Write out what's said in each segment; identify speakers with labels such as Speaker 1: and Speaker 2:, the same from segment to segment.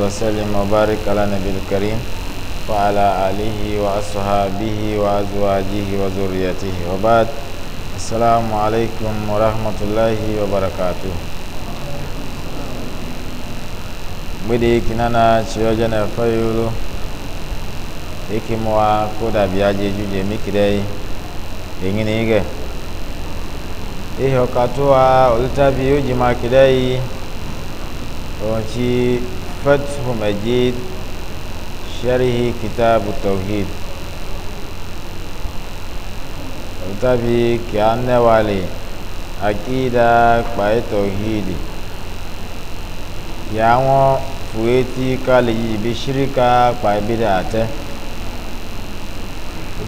Speaker 1: وسلم وبارك على نبي الكريم وعلى آله وأصحابه وأزواجه وذريته وبعد السلام عليكم ورحمة الله وبركاته gbede kinana tsiɔdze ne ƒe yolo eke mɔa ko dabi adzedu dze miki ɖe enyi ne yi ge eye wòkatoa olutavi yóò dzi فتح مجيد شره كتاب التوحيد tàbí kí a nẹ́wàlè àkídà pàì tọ̀hídì yà wọ́n fòye tí ká lè yí ibi ṣíríkà pàì bí dàtẹ́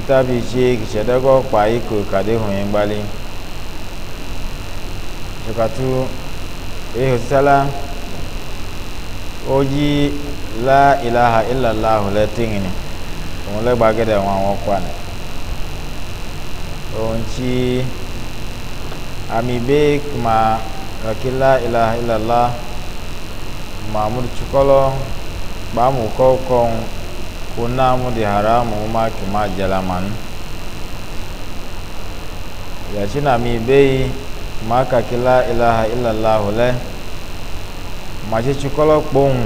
Speaker 1: tàbí ṣe ìṣẹ̀dọ́gọ́ pàì kò kàdé hùn yín gbálé ṣùkàtú èyí ò sálá oji la ilaha illallah le tingini òun lẹ gbàgede àwọn àwọn kọ àná òun tí àmì bẹ́ẹ̀ kuma kàkí la ilaha illallah mahmud tukọlọ gbàmù kọ́kọ́ kò náàmú di haramu má jalaman. má jalamanu yàtí nàmi bẹ́ẹ̀ kuma kàkí la ilaha illallah le matsetsi kɔlɔ kpoŋu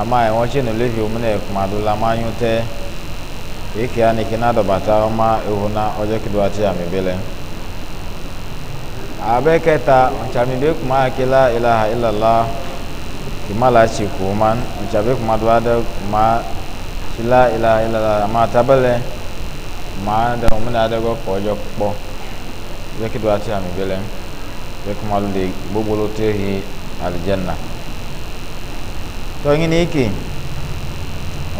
Speaker 1: ama ɛwɔn tse no levi omu ne kuma do la ma nyu tɛ eke ani ke na dɔbata ɔma eho na ɔdze kedo ati ami bi lɛ abe kɛta ɔtsami bi kuma ake la ilaha ilala kima la tsi ko ma ɔtsabi kuma do aɖe kuma tsi la ilaha ilala ama tabe lɛ ma ɖe omu ne aɖe gbɔ kɔ ɔdze kpɔ ɔdze kedo ati ami bi lɛ ɔdze kuma do de gbogbo te he alijanna tɔnyi ni ike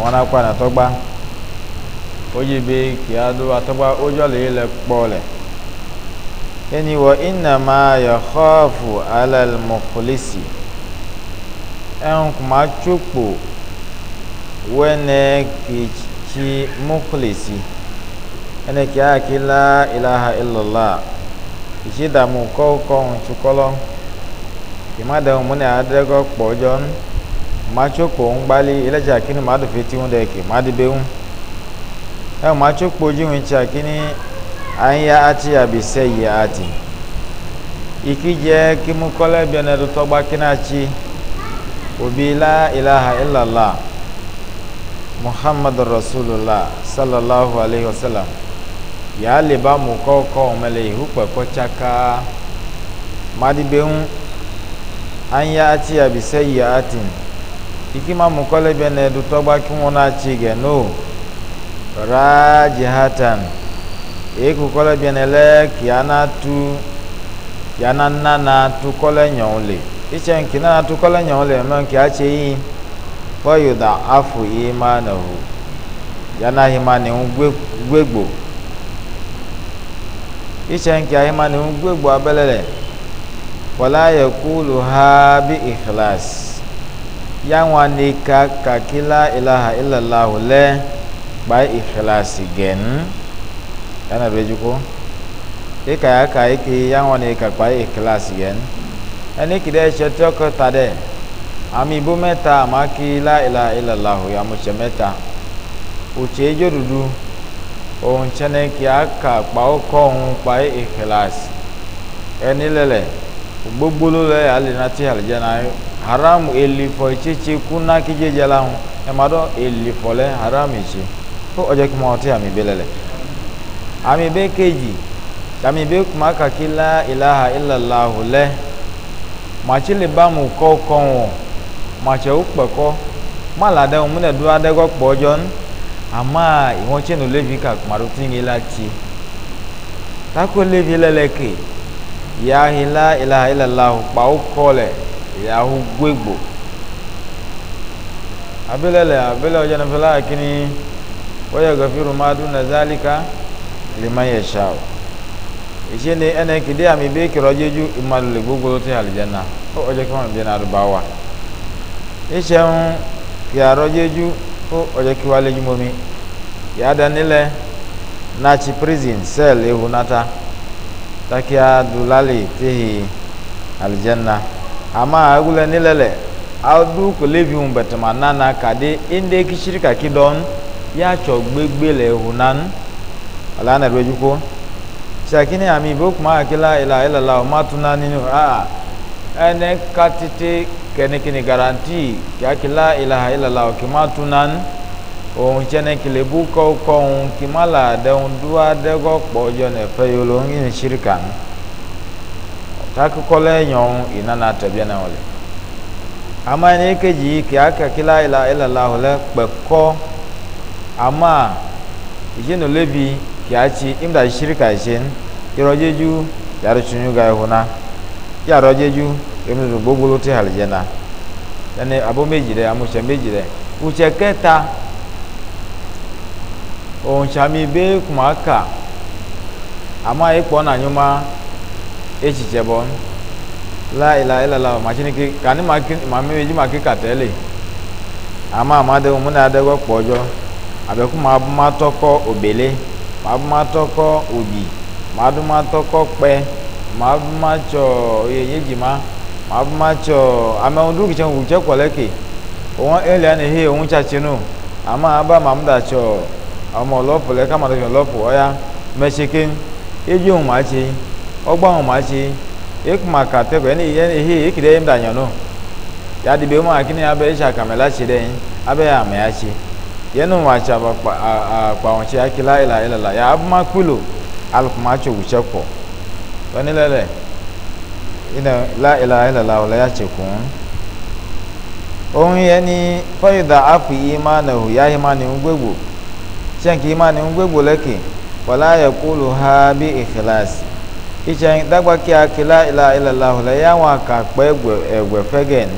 Speaker 1: wọn akɔ anatɔgba oyi be kia do atɔgba odzɔ le yi le kpɔ lɛ eni wɔ inama yaxɔfu alalmɔkulisi ɛnkuma tsokpo wɛnɛ kitsi mɔkulisi ɛnɛ kia akila ilaha illallah kitsi damu kɔkɔn tsukɔlɔ kimada mune adego kpojon machoko ngbali ileja kini madu fiti unde ki madibeun e machoko jiwin cha kini anya ati abiseyi ati ikije kimukole biene dutogba kinachi obi la ilaha illallah muhammadu rasulullah sallallahu alaihi wasallam ya liba mu koko mele ihu pẹkọ chaka madibeun anya achi ya bise ya atin ikima mukole bia na edu togba na achị ge no rajihatan eku kole bia na le ya na nna na tu kole nyon le iche nke na atụ kole nyon le no nki achị yi ya na iche abelele wala yakulu ha bi ikhlas yang ne ka kakila ilaha illallah le by ikhlas gen yana beju Ika e ka ya ka iki yanwa ne ka ikhlas gen ani kide shetyo tade ami bu meta ma ki la ilaha illallah ya mu che meta uche jodudu ohun chene ki aka pa o pa ikhlas ẹni lele gbogbo ló lẹ alinati alijana yọ haram elifɔ tsetse kuna kidzedze la ŋu ɛma dɔ elifɔ lɛ haram etse kó ɔdze kuma ɔtí ami bi lɛ lɛ ami bi kedzi ami bi kuma kaki la ilaha ilalahu lɛ matsi le ba mu kɔ kɔn o matsi wo kpɛ kɔ mala ɖe ŋu ne do aɖe gbɔ kpɔ dzɔn ama ìwọ́n tse nu levi kakuma do ti ŋi la tie tako levi lɛ lɛ ke yahin la ilaha illallahu kpawo kɔlɛ yahu gbegbo abele le abele ɔdze nafɛ la kini wɔyɛ gafiru ma du na zalika lima yɛ sa o esi ne ɛnɛ kede ami be kɛrɛ ɔdze ju imalu le gbogbo te alidzana o ɔdze kama bi na do ba wa esi ŋu kɛrɛ ɔdze ju o ɔdze kiwa le dzi momi yada ne lɛ natsi prison cell ehu nata takia dulali tihi aljanna ama agule nilele adu kolevi un betema nana kade inde kishirika kidon ya cho gbegbele hunan ala na reju ko sakini ami bok ma akila ila ila la ma tuna ninu a ene katiti kene kini garanti ya kila ila ila la ki ma tunan òun tsɛnɛ kele bu kɔw kɔŋ kìma la ɖeŋu do aɖe gɔ kpɔ yɔ ne ƒe yio lo ŋu yin siri kan takokɔ lɛ nyɔŋ yina na tɛbiɛ na wòle ama ne ke dzi kia kaki la ila ila la wò lɛ kpɛkɔ ama yinu levi kia tsi imda siri ka tsi yɔrɔ dzedzu yàrá tsunu ga ihu na yàrá dzedzu eminu gbogbolo ti hali dze na abo meji dɛ amutsɛ meji dɛ utsɛ kɛta. onchami be kumaka, ama amaghị kpọọ na anyụma echiche bụ la ila ilala ma chineke ka anyị ma mmiri ji maka kateli ama amade mụ na adịgọ kpọ ọjọọ abịakwu ma abụmatọkọ obele ma abụmatọkọ obi ma abụmatọkọ kpe ma abụmachọ oyeyejima ma abụmachọ amewudukiche ngwuche kwaleke onwe elia na ehe onwuchachinu ama aba ma da mdachọọ ọmọ ọlọ́pù lẹ́ka máa tọ́jú ọlọ́pù ọ̀yá mẹ́ṣẹ́kẹ́ ejú òun máa ṣe ọgbà òun máa ṣe èkó máa ẹni ìyẹn ihe èkìdẹ́ yẹn dànyàn náà yàtí bẹ́ẹ̀ mú akínní abẹ́ ìṣàkàmẹ́ láṣẹ la abẹ́ àmì àṣẹ yẹn òun àṣà àpàwọn ṣe akílá ìlà yà kúlò alùpùpù shan ki ma ni gbegbo leke wala ya kulu ha bi ikhlas ichan dagba ki akila ila ila allah la ya wa ka pe egbe egbe fegen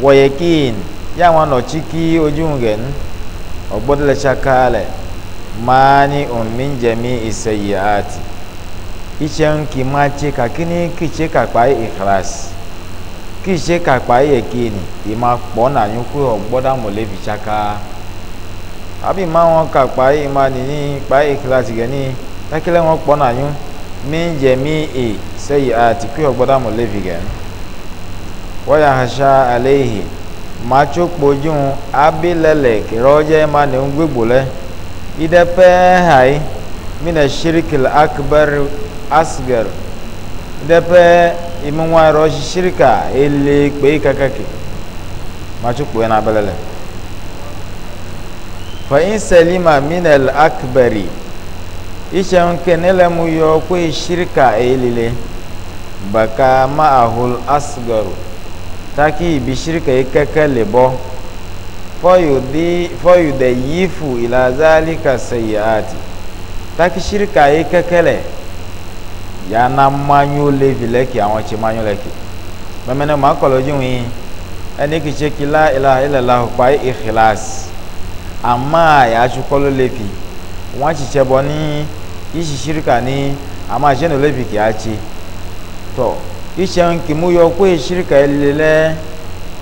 Speaker 1: wa yakin ya wa no chiki ojungen ogbodle chakale mani un min jami'i sayyiati ichan ki ma che ka kini ki che ka pa ikhlas ki che ka pa yakini ima pona nyuku ogbodamole bi chakale abi ma wọn ka kpa imani ni kpa ikilasi gẹ ni kakilẹ wọn na yun mi jẹ mi e sẹyi ati kuyọ gbọdọ mo levi gẹ wọya hasa alehi matso kpojun abi lẹlẹ kẹrọjẹ imani ń gbégbó lẹ akbar asgar ele kakaki na fa'in salima minal akbari ishe nke nele mu yo kwe shirka elile baka ma'ahul asgaru taki ibi shirka ikeke libo fayudayifu ila zalika sayyati taki shirka ikekele ya na mmanyu levi leki awon chi manyu leki memene ma kọlọ jiwin ẹni kìí ṣe kí la ilaha ama ya tsukɔlo levi wọn tsitsɛ bɔ ní itsitsirika ni ama tsɛ no levi kìí atsi tɔ itsɛ kìmu yɔ kó itsirika ele lɛ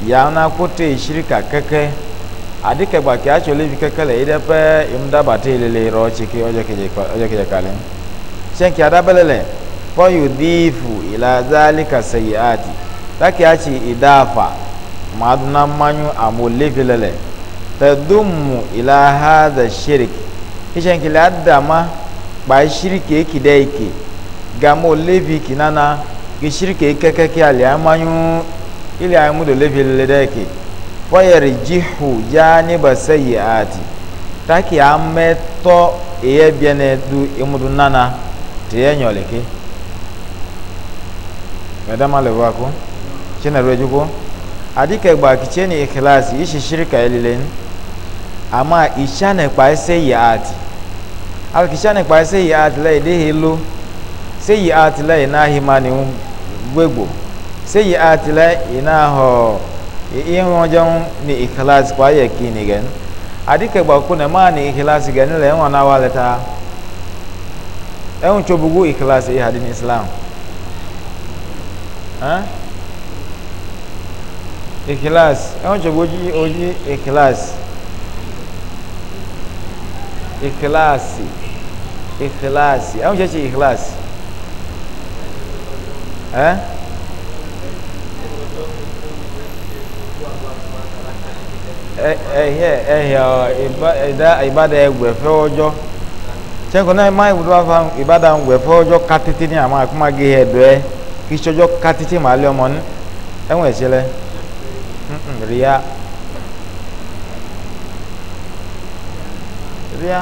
Speaker 1: yana kótó itsirika kɛkɛ adikɛgba kìí atsi levi kɛkɛ lɛ yi dɛ pɛ emudaba tɛ elele rɔ tsike ɔdze kedze kali tsɛ kìí adabɛlɛ lɛ fɔyu diifu ilazali kaseyi ati taki atsi idaafa madu na manyu amu levi lɛ lɛ. Tadumu ila hadha shirk kishan kila adama ba e kidaike gamo levi kinana ki shirke keke ki ali amanyu ili amu do levi ledaike fayar jihu janiba sayyati taki ameto iye biene du imudu nana tiye nyoleke madama lewako chena rejuko adike gba kicheni ikhlasi ishi shirka elileni ama ishane kpa se ya ati alki ishane kpa se ya ati le de helo se ya ati le na himani gbegbo se ya ati le ina ho ihun jon ni ikhlas kwa ye kini gen adike gba ku na ma ni ikhlas gen le won na waleta ehun chobugu ikhlas ya hadin islam ha ikhlas ehun chobugu oji ikhlas ikhlasi ikhlasi àwọn ṣe ṣe ikhlasi ẹ. ẹhẹ ẹhẹ ìdá ìbádà ẹgbẹ̀fẹ́ ọjọ́ sẹ́kọ̀ọ́ náà máa ìwúdó wá fún ìbádà ẹgbẹ̀fẹ́ ọjọ́ kátítí ní àmọ́ àkúmá gé ẹ̀dọ́ ẹ kí sọjọ́ kátítí màá lé ọmọ ní ẹ̀wọ̀n ẹ̀ṣẹ̀ lẹ ríà. ṣìríà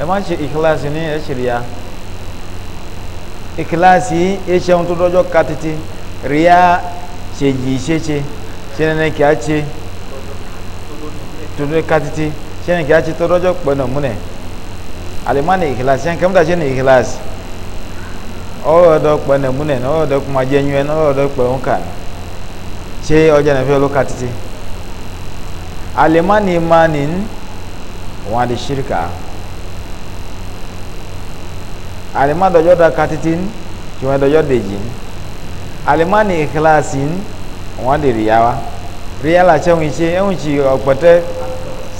Speaker 1: ẹ má ṣe ìkíláàsì ní ẹ ṣìríà ìkíláàsì ẹ ṣẹun tó dọjọ́ ka títí ríà ṣe yìí ṣe ṣe ṣe nínú kí a ṣe tó dọjọ́ ka títí ṣe nínú kí a ṣe tó dọjọ́ pẹ̀lú múnẹ̀ alimani ìkíláàsì ṣe kẹ́mítà ṣe ní ìkíláàsì ọ̀rọ̀ ọ̀dọ́ pẹ̀lú múnẹ̀ ọ̀rọ̀ ọ̀dọ́ kùmà jẹ́ yún ẹ̀ ọ̀rọ̀ wadi Shirika, alima dɔjɔ da katitin tiwɛ dɔjɔ dejin alima ni ikilasin wadi riyawa riya la cɛ ŋun e ci ŋun ci ɔgbɔtɛ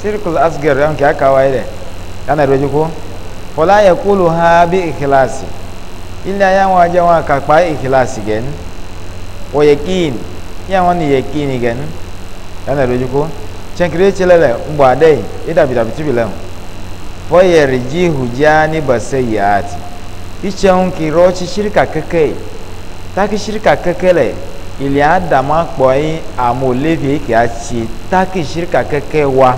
Speaker 1: sirikul asgar ŋun e kɛ akawa yi dɛ yana dɔjɔ ko fɔlɔ yɛ kulu ha bi ikilasi ilé ayé àwọn ajá wọn kàkpá ìkìláàsì gẹ̀ ní wọ́n yẹ kíni wọn ni yẹ kíni gẹ̀ ní yana dɔjɔ tsenkiri tsi lɛ le ŋbɔ aɖe yi edabi dabi tibi lɛ o fɔyɛri dzi hudza ni bese yi ati itse ŋu ki keke taki sirika keke le ili adama kpɔ yi amewo levi yi ke taki sirika keke wa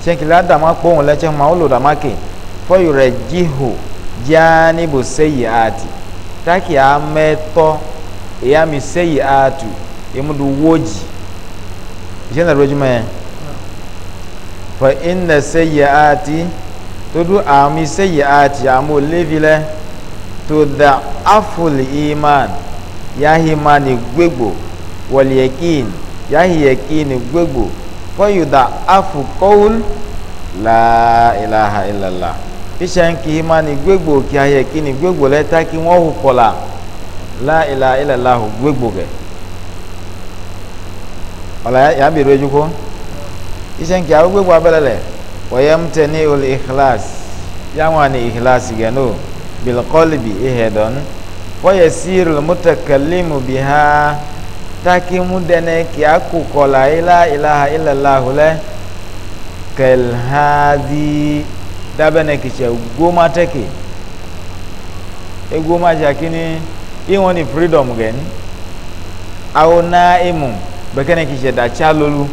Speaker 1: tsenkiri adama kpɔ ŋu lɛ tse ma wolo dama ke fɔyɛri dzi ho dza ni bese yi taki ameto eya mi se atu emudu wo iṣẹ́ náà lójúmọ́ yẹn fọ iná sẹ́yẹ àti tó dún àmì sẹ́yẹ àti àmú lévilẹ̀ tó da afọlì iman yahi mani gbégbò wọ̀lì yẹkìn yahi yẹkìn gbégbò fọyù da afọ kọ́wùl láìláha ìlàlá iṣẹ́ ń kì í mani gbégbò kí ayẹkìn gbégbò lẹ́tà kí wọ́n hù kọ́la láìláha ìlàlá gbégbò kẹ́ wala ya biru eju ko isen ki awugbe kwa belele wayam tani ul ikhlas ya wani ikhlas gano bil qalbi ihedon wa yasirul mutakallimu biha taki mudene ki aku kola ila ilaha illallah le kal hadi dabene ki che goma teki e goma ni freedom gen au naimu bɛkɛnɛ kì í ṣẹ̀dá tí a lólu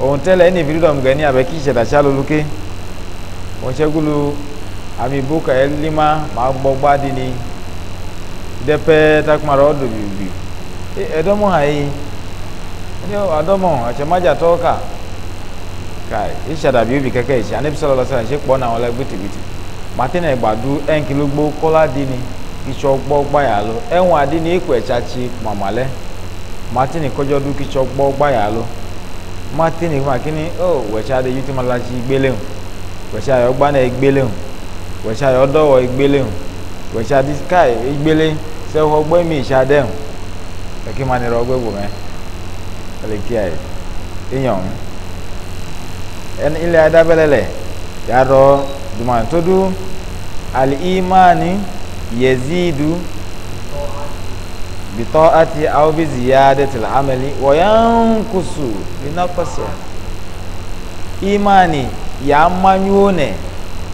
Speaker 1: òun ke. ẹni freedom gẹ̀ẹ́ni àbẹ̀ kì í elima tí a lólu ké òun ṣẹ́gúlu àmì ìbúkà ẹ̀ límá máa gbọ́ gbádìí ni dẹ́pẹ́ takumara ọ̀dọ̀ bìbì ẹ̀dọ́mọ̀ ka ìṣàdà bíbí kẹ́kẹ́ ìṣe àníbi sọ̀rọ̀ lọ́sẹ̀ àṣẹ pọ̀ náà wọn lẹ gbìtìgbìtì màtínà ìgbàdú ẹ̀ńkìlógbó kọ́ládìí ni martini kọjọ du kitsɔ gbɔ gbaya lo martini kuma kini o oh, wɛtsi aɖe yi ti ma latsi gbele o wɛtsi ayɔ gbana egbele o wɛtsi ayɔ dɔwɔ egbele o wɛtsi adi kai egbele sɛwɔ gbɔ mi itsi aɖe o eke ma ni rɔ gbɛ bo mɛ ele kia yi enyɔ ŋu ɛni ilé ada bɛ lɛ lɛ yarɔ dumantodu bita'ati aw bi ziyadati ameli amali wa yanqusu linaqsiha imani ya manyu ne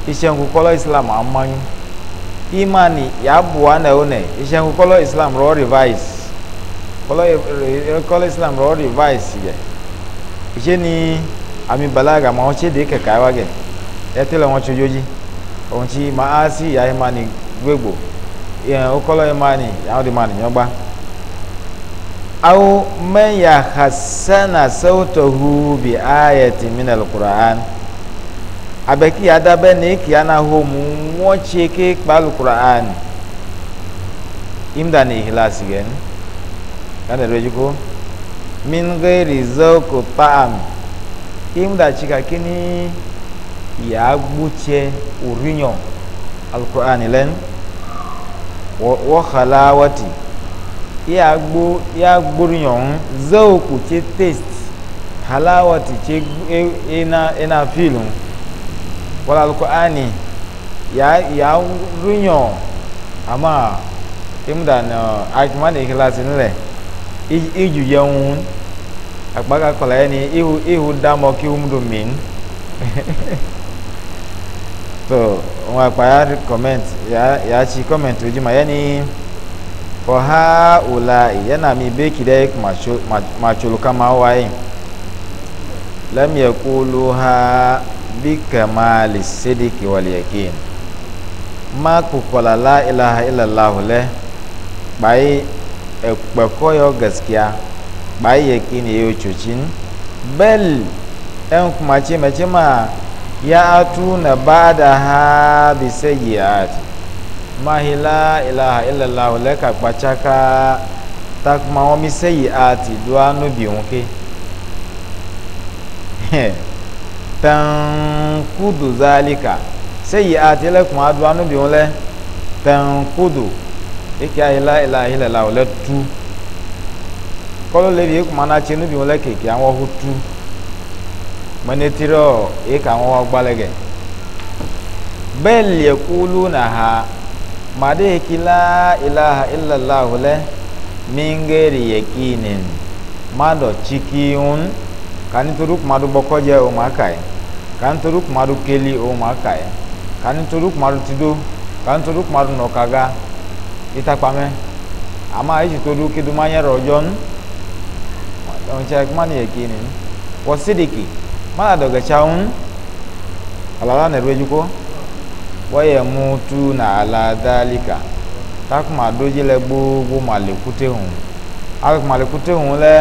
Speaker 1: ishenku kolo islam amanyu imani ya buwa na one ishenku kolo islam ro revise kolo kolo islam ro revise ye ise ni ami balaga ma oche de keka wa ge etele won chojoji ohun ti ma asi ya imani gbegbo ye o kolo imani ya o di mani aw man yahassana sautahu bi ayati min alquran abeki adabe ne kiana ho mu moche ke kpalu quran imda ne ihlas gen kana rejiko min ghairi zawqu ta'am imda chika kini ya gbuche urinyo alquran len wa khalawati ya gbo ya gboriyan ohun zooku che taste halawati che ina ina feel ohun wala ani ya ya ruyan ama imuda na akimani ikilasi nile iju ye ohun agbaka kola ẹni ihu ihu damọ kí umudu min so wọn àpá ya comment ya ya ṣi comment ojúmọ yẹni. Yani, faha ulai yana mi beki dai machuluka mawaye lam yakuluha bi kamali sidiki wal yaqin ma kukola la ilaha illallah le bai ekpeko yo gaskiya bai yaqini yo chuchin bel en kuma ce mace ma ya atuna bada ha bi sayyiati mahila ilaha illallah lẹ́ka gbàtsaka takuma wọn mi sẹ́yì àti dùá níbi òun ké tẹ̀ǹkudu zálíkà sẹ́yì àti lẹ́kùn adùá níbi òun lẹ́ tẹ̀ǹkudu eke ayila ilaha illallah lẹ́ tu kọ́lọ́ lẹ́bi ekuma n'atsi níbi òun lẹ́ kéèké àwọn ọkọ̀ tu mẹ́nẹ́tìrọ̀ eke àwọn ọgbà lẹ́gẹ̀ bẹ́ẹ̀ lẹ́kulu nàá màdé kila ilaha illallah lɛ mingeri yekinin madɔ tsikiun kanitoro kumadu bɔkɔdze o ma ka yi kanitoro kumadu keli o ma ka yi kanitoro kumadu tido kanitoro kumadu nɔkaga itakpamɛ ama etsi to do kedu manyɛ rɔdzɔnu ɔntsɛ kumani yekinin wɔsidiki mana dɔgɛtsaun alala nɛdu edziko wọ́yẹ̀ mú tú nà aládàlíkà takuma dójú lẹ gbogbo malekute hùn malekute hùn lẹ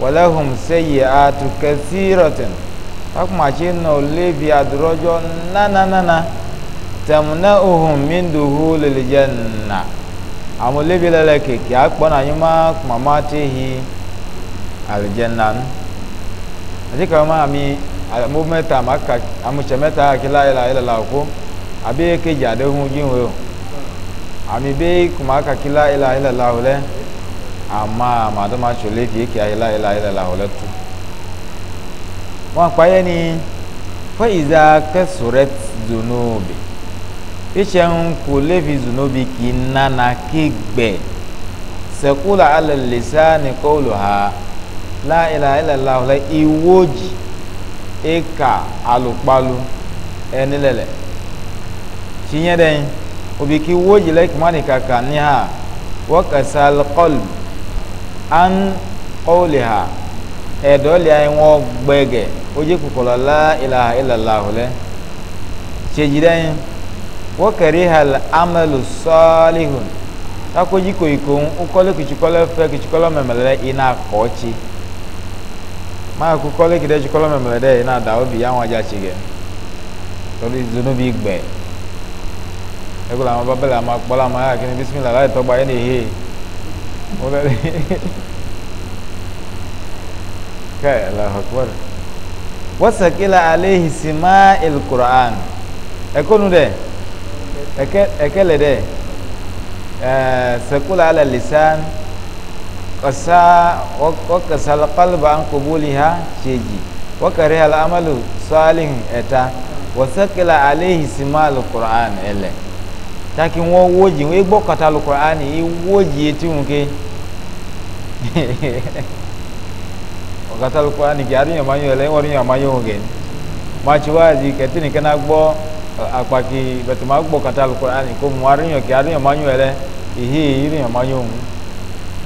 Speaker 1: wọlé hùn sẹyẹ àtúkẹ sírọtìn takuma tsi nà olévi adúrọjọ nánánánà tẹmúnẹ ohun mi dòwó lèlè jẹ nà àwọn olévi lẹ lẹ kékeré akpọnà yín má kumama téhi alìjẹ nànú àti kàwé má mi mọ́mẹ́ta àmútsẹ̀mẹ́ta àkìlá yẹ la yẹ la kó abe keji aɖe ŋu dzi ŋu o ami be kuma kaki la ila ila la o ama ama ɖe ma tso le fie ila ila ila la o tu wọn akpa yɛ ni fɔ iza kɛsorɛt zonobi itsɛ ŋu ko levi zonobi ki nana kegbɛ sɛkula alɛ lesa ni kɔlu ha la ila ila la o lɛ iwodzi eka alukpalu ɛni lɛ tinye den obi ki woji lek mani kaka ni ha wa kasal qalb an qawliha e do le ay won gbege oje ku kola la ilaha illa allah le cheji den wa kariha al amalu salihun takoji ko ikon ukole kichikole fe kichikole memele ina kochi ma ku kide chikole memele ina da obi ya won ja tori zunubi gbe ẹgbẹ́ làwọn bá bẹ̀rẹ̀ àmà pọ́lá àmà yà kíni bísímìlà láì tọ́gbà yẹn nìyí mo lẹ́rìí kẹ́ ẹ̀ lọ́hùn kúrò wọ́n sàkílà àléhìí sí má ìlú kùrán ẹ̀kọ́ nu dẹ̀ ẹ̀kẹ́ lẹ̀ dẹ̀ ẹ̀ sàkúlà àlẹ́ lìsán kasa wakasa kalba an kubuli ha sheji wakari al'amalu salihin eta wasakila alaihi simal qur'an ele taki wọn wodzi wọn egbɔ kata lukura ani ewodzi eti ŋu Hehehe, kata lukura ani ke adunya ma yɔ lɛ ewɔ adunya ma yɔ ŋu ke matsi wa zi kɛtɛ ni kɛnɛ gbɔ akpaki bɛtɛ ma gbɔ kata lukura ani ko mu adunya ke adunya ma yɔ lɛ ehe adunya ma yɔ ŋu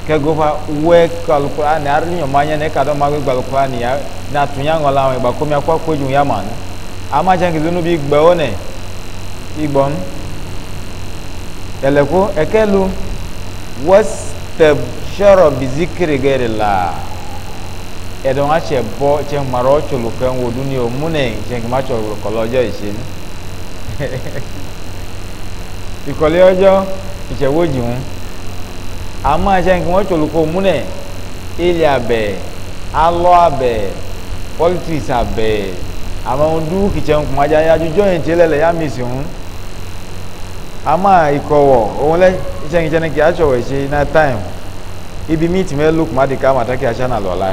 Speaker 1: kɛgo fa wɛ kalukura ani adunya ma yɛ ne ka dɔ ma gbɛ gbalukura ani ya na tunya ŋɔ la ma gba komi akɔ akpɔ dzi ya ma ne amatsi ke zonu bi teleku ekelu wastab sharo bizikiri gerila edon ache bo che maro chulu kan wo duni o mune che ma cho kolo jo isin ikole ojo iche woji un ama che nkan wo chulu ko mune ile abe alo abe politics abe ama undu kiche nkuma ja ya jujo en telele ya misi un ama ikɔwɔ òun lɛ itsɛnitsɛni kì í atsɔ wɛ tsi na taim ibi miiti mɛ lu kuma di ka ma taki atsi ana lɔla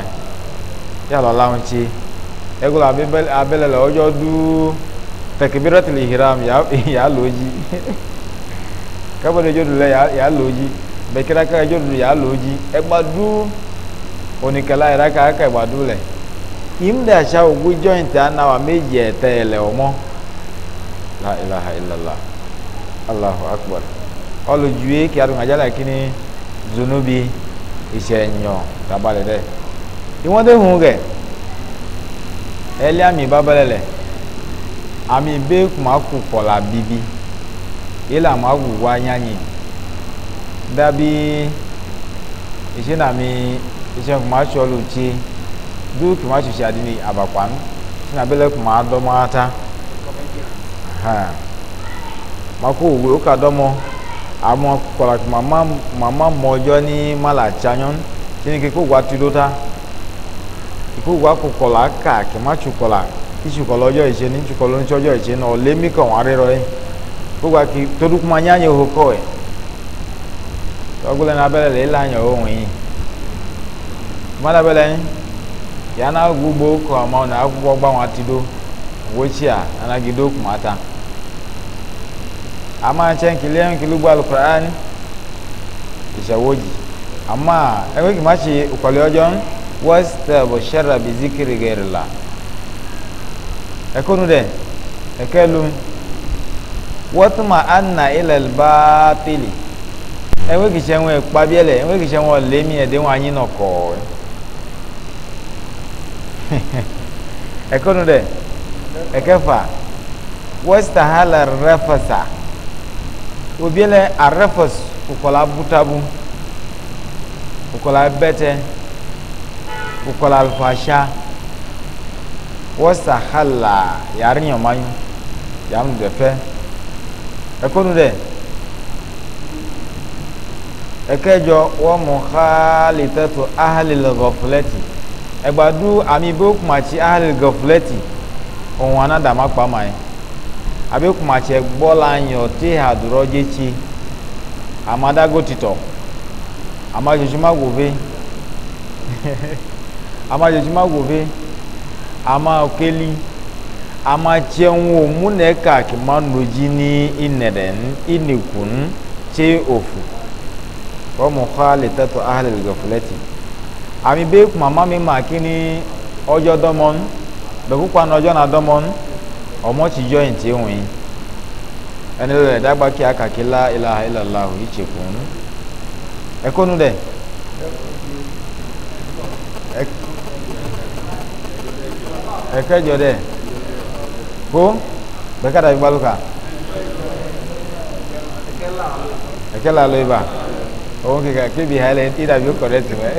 Speaker 1: yɛ lɔla ŋutsi ɛgbɛlɛ abɛlɛ lɛ ɔdzɔ duu tɛkibirɔ tili hiram ya lo dzi kabɔdɔ edzo du lɛ ya lo dzi bɛkira ka edzo du ya lo dzi ɛgba du onikɛla yɛ ɖaka aka ɛgba du lɛ im de atsa ogu joint anawa meyi ɛtɛ lɛ ɔmɔ la ilaha illallah allahu akbar ọlùjúwe kí adùn àjálà kíní zunubi ìṣẹ̀yàn tabalẹ̀ dẹ̀ ìwọ́n dé hùn gẹ̀ ẹlẹ́ àmì ìbábẹ́lẹ̀ lẹ̀ àmì ìbẹ́ kùmákù pọ̀là bíbí ilà màwù wá yányì dábí iṣẹ́ nàmi iṣẹ́ kùmáṣu ọlùtí dúró kùmáṣu ṣe àdínní àbàkwánu sínú abẹ́lẹ̀ kùmá dọ́mọ́ta mako owe wo ka dɔmɔ amɔ kɔla mama mama mɔdzɔ ni mala tsa nyɔnu tini ke ko wa tu do ta ko wa ko kɔla ka kema tsu kɔla itsu kɔlɔ ɔdzɔ etse ni itsu kɔlɔ nitsɔ ɔdzɔ etse nɔ lé mi kɔn ari rɔ ye ko wa ki todukuma nya nye ho kɔ yɛ tɔgbɔlɛ na bɛlɛ lɛ la nyɔ wo ŋui mɔlɛ bɛlɛ ni yana gbogbo kɔ ma ɔna agbɔ gba wɔn ati do wotsia anagi do kuma ta ama chen kilian kilubu alquran ishawoji ama ewe kimachi ukwali ojon wastabshara bizikri ghairila ekonu de ekelum watma anna ila albatili ewe kichen we pabiele ewe kichen wo lemi ede wa yin oko ekonu de ekefa wastahala rafasa obie le arefes wòkɔla butabu wòkɔla bɛtɛ wòkɔla alifasa wɔsa hala yari nyɔmanyu yanu dɛfɛ ɛkɔnu dɛ ɛkɛdzɔ wɔmu hali tɛtu ahali le gɔfulɛti ɛgbadu ami bɛ kumatsi ahali gɔfulɛti òun anadama kpama abe kumatse gbɔla nyɔ te adrɔ durɔ amadago titɔ amadzodzo ma gove amadzodzo ma gove ama keli ama tseŋu mu ne ka kima nodzi ni ineɖen inekun tse ofu wɔmɔ xa le tatɔ ahale le gɔfulɛti ami be kumama mi ma kini ɔdzɔ dɔmɔnu bɛkukpa nɔdzɔ na dɔmɔnu. ọmọchi join ti nwi ẹni lẹ dagbaki akaki la ilaha illallah ichekun ẹkọnu dẹ ẹkẹjọ dẹ kó bẹkẹdà fi gbaluka
Speaker 2: ẹkẹlẹ alo ibà
Speaker 1: òun kìkà kébi ha lẹ ní ìdàbí ó kọrẹ tì mẹ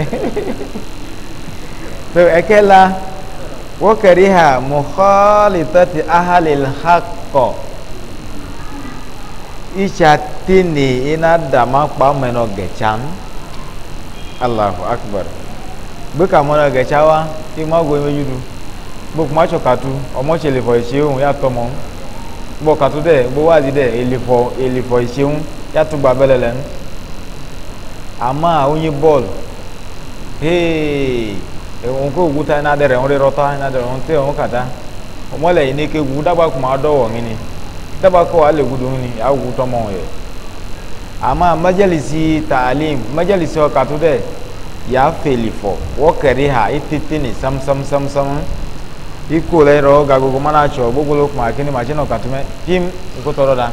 Speaker 1: so ẹkẹla wakariha mukhalitati ahalil haqqo icatini ina dama kpameno gecam allahu akbar gbeka mọna gecawa ima go mejudu gbokuma tso katu ọmọ tse elefọ iseun yatọ mọ gbọ katu dẹ gbọ waadi dẹ elefọ elefọ iseun yatọ Ya tu lẹnu ama onye bọọlu hee ehun ko wu ta na dere hun rota na dere hun te hun kata omo le ni ke wu daba ku ma do wo ngini daba ko ale wu do ngini ya wu to mo ye ama majalisi ta'lim majalisi o katu de ya feli fo wo keri ha ititi ni sam sam sam sam iko le ro ga gogo mana cho gogo lo ku ma kini ma chino katu me pim ko toro da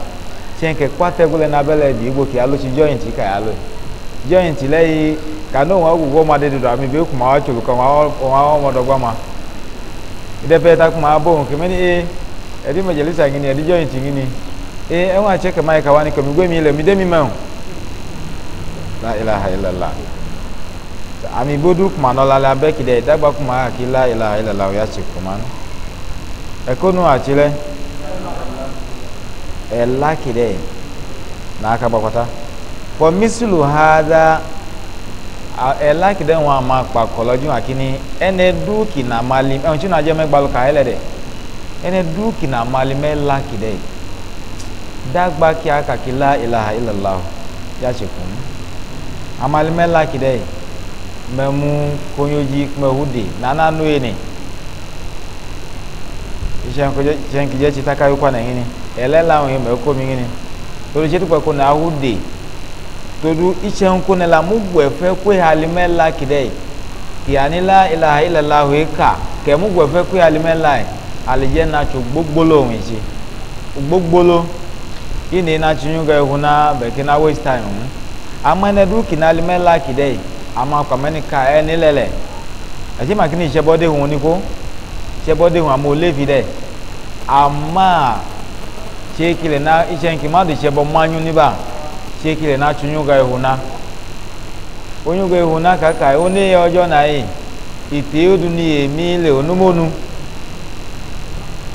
Speaker 1: chen ke kwate gule na bele di igbo ki alo chi join ti ka ya lo joint lẹ́yìn kànú wọn gbogbo ọmọdé dodo àmì bí kùmà wọn tsolù kàn wọn ọmọdọgba ma ìdẹ́pẹ́ ta kùmà bóun kìmẹ́ ni ee ẹ̀dí mẹjẹlísà yìí ni ẹ̀dí joint yìí ni ee ẹ̀wọ̀n àti kẹmà yìí kà wọn ni kẹmí gbé mi lẹ̀ mí dé mi mẹ́wọ̀n la ilaha illallah àmì gbódú kùmà nọ́la la bẹ́ kìdẹ́ ìdágbà kùmà kì la ilaha illallah ọ̀yà tsi kùmà nù ẹ̀kọ́nù e àti lẹ́ ẹ̀ e lá kìdẹ́ nà ákàbọ̀ pátá fɔ misulu hada ɛla kidɛ ŋun ama kpa kɔlɔdzi wa kini ɛnɛ du kina mali ɛn tsi na dze mɛ gbalo ka yɛ lɛ dɛ ɛnɛ du kina mali mɛ la kidɛ dagba kia kaki la ilaha illallah ya tsi kun amali mɛ la kidɛ mɛ mu konyodzi mɛ wu de nana nu yi ni tsɛnkidze tsi taka yi kɔ na yi ni ɛlɛ la ŋun yi mɛ ko mi yi ni olùsètò pɛ ko na awu todu itse ŋku ne la mu bu ɛfɛ ko halime la ki dɛ la ilaha ilala hoe ka kɛ mu bu ɛfɛ ko halime la yɛ alidze natso gbogbolo ohun etsi gbogbolo ine natso nyu ka ihu na bɛke na waste time ŋu ame ne du kina halime la ki dɛ ama kpame ni ka ɛni lɛ lɛ ɛtsi ma kini tsebɔ de hun ni ko tsebɔ de hun amewo levi dɛ ama tse kele na itse ŋki ma do tsebɔ manyu ni ba. tiekile na chunyuga ihuna onyuga ihuna kaka one ya ọjọ na yi ite odu ni emi le onumonu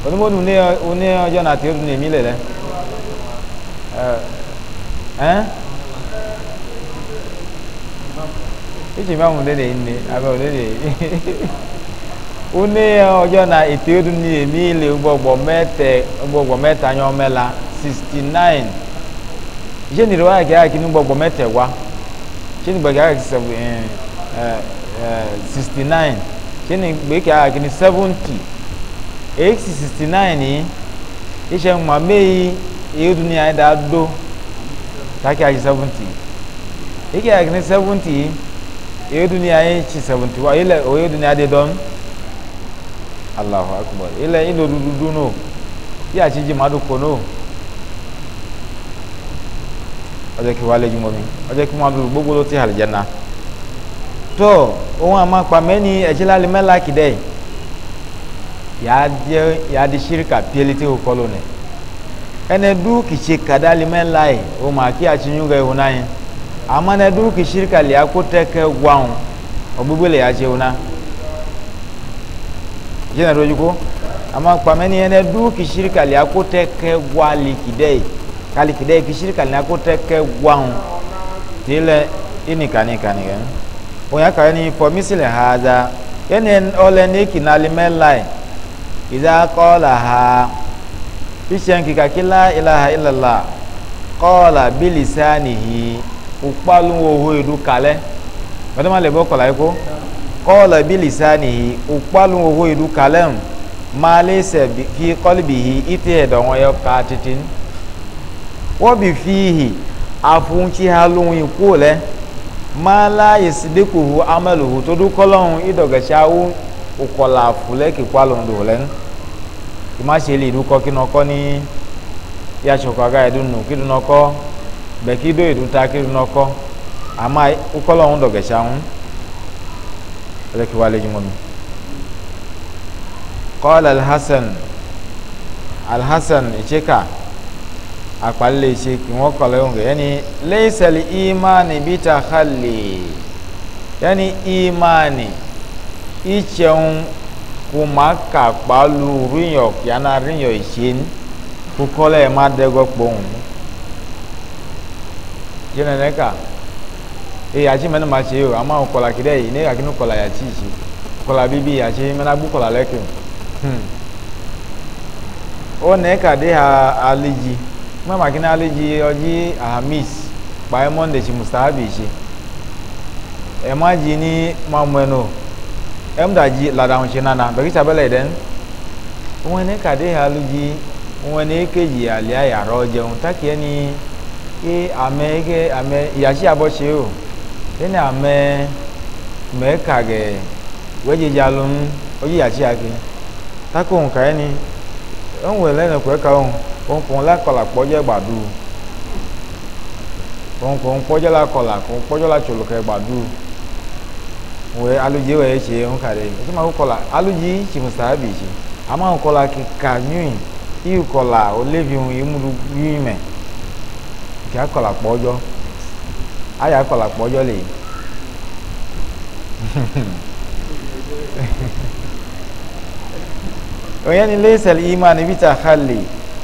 Speaker 1: onumonu ne one ọjọ na te odu ni emi le le ẹn iji ma mu lele nne abe olele one ọjọ na ite odu ni emi le ugbọgbọ mẹtẹ ugbọgbọ mẹta nyọ mẹla sixty nine. Je ni ìrora kí á kí ní gbọgbọ mẹtẹẹwa ṣé ní gbọgbọ kí á sixty nine ṣé ní gbé kí á kí ní seventy eight sixty nine yìí iṣẹ́ ń mọ̀ méyì èyí dùn ní àyẹ̀dá dó tákì seventy ike àyè ní seventy yìí èyí dùn ní àyè ṣì seventy one ilẹ̀ òye dùn ní àdé dán alahu akubar ilẹ̀ ìlò dúdú dúnú yíyà ṣì ọjọ́ kí wàá lé jùmọ̀ mi ọjọ́ kí wọ́n adúlù gbogbo ló ti hàlẹ̀ jẹ́nà tó ohun àmọ́ pàmẹ́ni ẹ̀ṣẹ́lálẹ́ mẹ́la kìdẹ́ yàá di ṣíríkà pẹ́ẹ́lí tí o kọ́ lónìí ene du kiche kadali men lai o ma ki achi nyuga e huna yin ama ne du kishirika li akote ke gwaun ogbubele achi huna jina rojuko ama kwa meni ene du kishirika li akote ke gwali kidei kali kide kishiri kali na kuteke wang tile ini kani kani kan oya ka ni po misile hada yene ole ni kinali melai idha qala ha ishan kika kila ilaha illallah qala bilisanihi upalu wo ho idu kale madama le bokola iko qala bilisanihi upalu wo ho idu kale ma laysa bi qalbihi ite don yo ka titin wọ́n bì fi hì àfúnṣe alóhun ikú rẹ̀ máa láàyè sí dẹ́kùhù amẹ́lòhù tó dúkọ́ lọ́hùn ìdọ̀gẹ̀ṣẹ́ awó òkọ̀là àfúlẹ́ kíkọ́ alóhùn dò lẹ́nu ìmáṣe lè dúkọ́ kí nọkọ́ ní yasọ̀kọ̀ aga ìdúnnù kí dúnọkọ́ bẹ̀kí dó ìdúta kí dúnọkọ́ àmọ́ òkọ́ lọ́hùn dọ̀gẹ̀ṣẹ́ ahùn rẹ̀ kí wàá lé jùmọ̀ mi. kọ́ọ̀lù alhassan alhassan ìṣèkà akpalile se kí wọn kọlẹ òǹgẹ yẹni lẹsẹlẹ ìmánì bíta xalè yẹni ìmánì ìtsẹun kò má kà kpalu ríyọ kíáná ríyọ ìṣẹni kò kọlẹ má dẹgọ kpọhùn yẹn lẹ ká ee yàtí mẹni ma tse o àmọ kọlà kìdẹ yìí ní kakínú kọlà yàtí tsi kọlà bíbí yàtí mẹni agbó kọlà lẹkẹ o hmm. nẹ kàdé ha alẹ yìí. ma makina aliji oji ahamis kpae monde shi mustahabi shi ema ji ni ma mweno e da ji ladahun shi nana bagi sabele den nwene ka de ha aluji nwene ji alia yara ojeun taki eni ke ame ge ame yashi abo shi o eni ame me ka ge weji jalun oji ake ka kọ̀ǹkọ̀ǹ la kọ̀la kpɔdze gbadu kọ̀ǹkọ̀ǹ kpɔdze la kọ̀la kọ̀ǹ kpɔdze la tsolokɛ gbadu wòye aludzi wòye tse ŋuka ɖe esi ma ko kɔla aludzi tsi musa abi tsi ama ko kɔla kika nyui iyu kɔla olevi ŋu imudu nyui mɛ kia kɔla kpɔdzɔ aya kɔla kpɔdzɔ le onye ni lé sɛli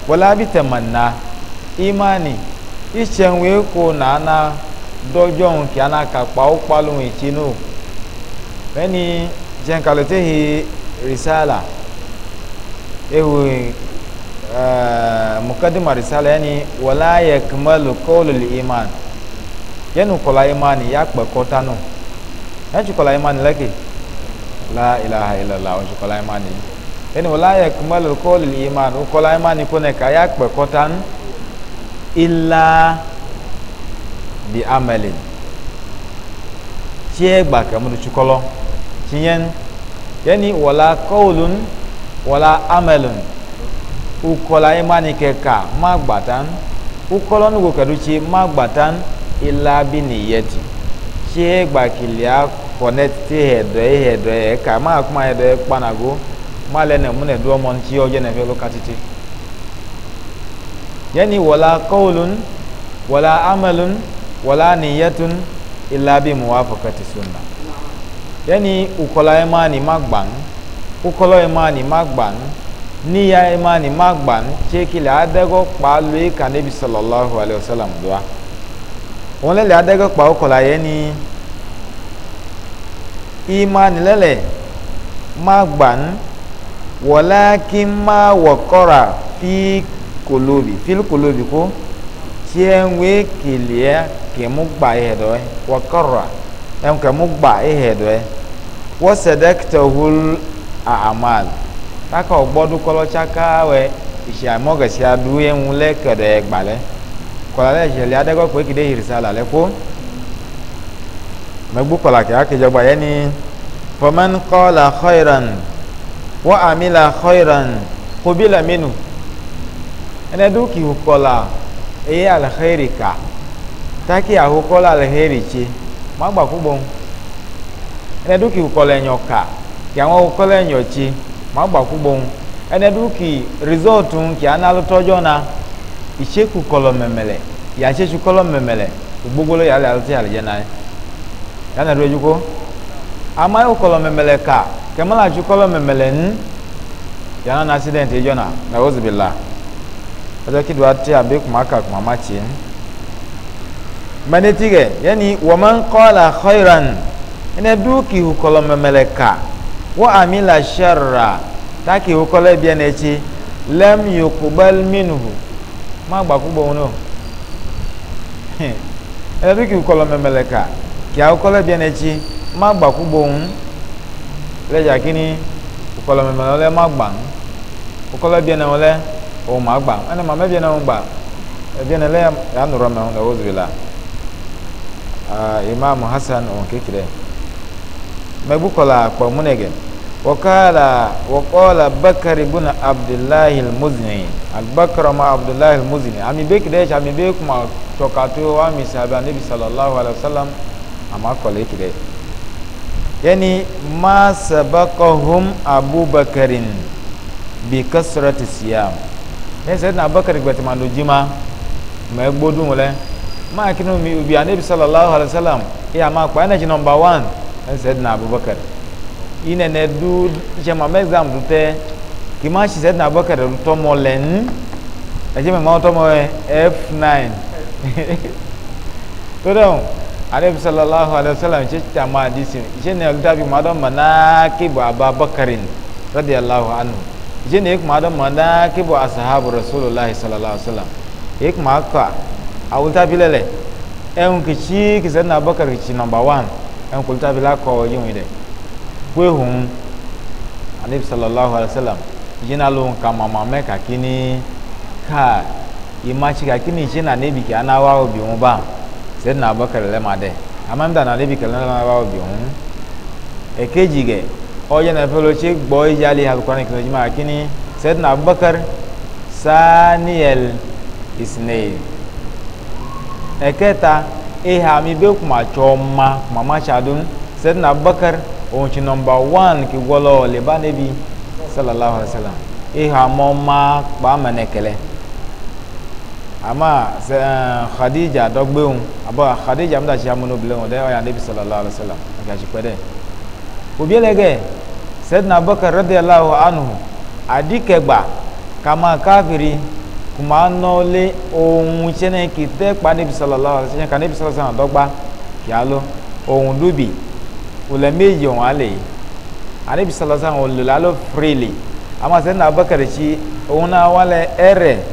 Speaker 1: wala bi tamanna imani ichenwe ko na na dojo nke anaka pa ukpalu ichinu meni jen hi risala ewu uh, eh, mukaddima risala yani wala yakmalu qawlul iman yanu kola imani ya pekota nu ya chukola imani lake la ilaha illallah chukola imani yani wala yakmalu alqawlu aliman ukola imani kone kaya kpekotan illa bi amalin tie gba kamudu chukolo tiyen yani wala qawlun wala amalun ukola imani keka magbatan ukola nugo kaduchi magbatan illa bi niyati tie gba kilia connect te hedo hedo e ka ma kuma hedo e panago ma lɛ nɛ mu nɛ do ɔmɔ ŋuti ɔdze nɛ fɛ lo katiti yɛni wala kɔwulun wala amalun wala niyɛtun ilabi mu wa fɔkɛti sunna yɛni ukɔla yɛ ma ni ma gban ukɔlɔ yɛ ma ni ma gban niya yɛ ma ni ma gban tseki lɛ adɛgɔ kpa lue ka nebi sɔlɔlɔhu alayhi wa sallam doa wọn lɛ adɛgɔ kpa ukɔla yɛ ni imani ma gban walakin ma wakora fi kolobi fil kolobi ko tiɛn we keleɛ kemu gba ihe dɔɛ wakora ɛn kemu gba ihe dɔɛ wɔsɛdɛkita hul amal taka ɔgbɔdu kɔlɔtsaka wɛ isi amɔgɛsi adu ɛnu lɛ kɛdɛ gbalɛ kɔla lɛ zɛli adɛgɔ kpɛ kide hirisa la lɛ ko mɛgbu kɔla kɛ akedze gba yɛ ni fɔmɛn kɔla xɔyiran. wa amila khairan qubila minhu ene du ki hukola eye alkhairi ka taki ahukola ma chi magba kubon ene du ki hukola nyoka ki awon hukola nyochi magba kubon ene du ki result un ki analu tojo na icheku kolo memele ya chechu kolo memele gbogbolo ya le alti aljana ya na rujuko amayo kolo memele ka kemala chukolo memelen yana na accident ejona na ozibila ọjọ́ kí duwa tí a bẹ kuma ka kuma ma tsi mẹnitigɛ yanni wɔmɛn kɔla xɔyiran ɛnɛ duki hukɔlɔ mɛmɛlɛ ka wɔ ami la sɛrira taki hukɔlɔ e biɛ n'etsi lɛm yokubal minuhu ma gba kubo ŋu no ɛnɛ duki hukɔlɔ mɛmɛlɛ ka kia hukɔlɔ e biɛ n'etsi ma gba kubo ŋu. lɛ dza kini ukɔlɔ mɛmɛ na ɔlɛ ma gba ŋu ukɔlɔ biɛ na ɔlɛ o ma gba ɛnɛ ma mɛ biɛ na ɔgba ebiɛ na lɛ ya nɔrɔ mɛ ɔlɛ wozu la aa imam hasan ɔn kekele mɛ bukɔla kpɔ mu nɛgɛ wakala wakɔla bakari buna abdullahi muzini agbakara ma abdullahi muzini ami bɛ kiri ɛsɛ ami bɛ kuma tɔkato ami sabi anabi sallallahu alaihi wa sallam ama kɔlɛ kiri ɛsɛ yani ma sabaqahum abubakarin bi kasrati siyam ne sayyidina abubakar gbati ma lo jima ma e gbodun le ma kinu mi ubi anabi sallallahu alaihi wasallam ya e ma kwa na number 1 ne Abu Bakar. ine ne du je ma exam du te ki ma shi sayyidina abubakar du to mo len e je ma e to mo f9 to anabi sallallahu alaihi wasallam ce ta ma hadisi ce ne littafi ma don manaqibu ababakarin radiyallahu anhu ce ne kuma don manaqibu ashabu rasulullah sallallahu alaihi wasallam ya kuma ka a littafi lele en ki ci ki sanna bakar ki number 1 en ku littafi la ko yin ide kwe hun anabi sallallahu alaihi wasallam jina lo ka mama me ka kini ka imachi ka kini jina nebi ki anawa obi mu ba sẹ́dínà abọ́kẹ̀rẹ̀ lẹ́mọ̀ adẹ́ amáńdà náà níbi kẹlẹ́ náà bá wọ̀ bí òun èkejì gẹ̀ ọ̀yẹ́ náà fẹ́ lọ ṣe gbọ́ ìyáálé alukọ́ni kìlọ̀ jùmọ̀ àkíní sẹ́dínà abọ́kẹ̀rẹ̀ sáníẹ̀l ìsìnẹ̀yìn ẹ̀kẹta ìhà mi bẹ́ẹ̀ kùmà tsọ́ ma kùmà má ṣàdún sẹ́dínà abọ́kẹ̀rẹ̀ òun ti nọmba wán kí wọ́lọ́ lè bá níbi sálàlá ìhà mọ́ ma kpàmẹ́nẹ̀kẹ̀lẹ́ ama se uh, khadija dɔgbeun abo khadija mi da tsi amu n'obile ŋu ɖe ɔya nebi sallallahu alaihi wa sallam agatsi kpe ɖe obi le gɛ sɛdina abɔkɛ rɛdialahu anu adikɛgba kama kafiri kuma nɔle ohun tsɛnɛ kite kpa nebi sallallahu alaihi wa sallam ka nebi sallallahu alaihi wa sallam dɔgba fialo ohun dubi wòle meyi ohun ale anebi sallallahu alaihi wa sallam wòle alo firili ama sɛdina abɔkɛ de tsi ohun na wale ɛrɛ.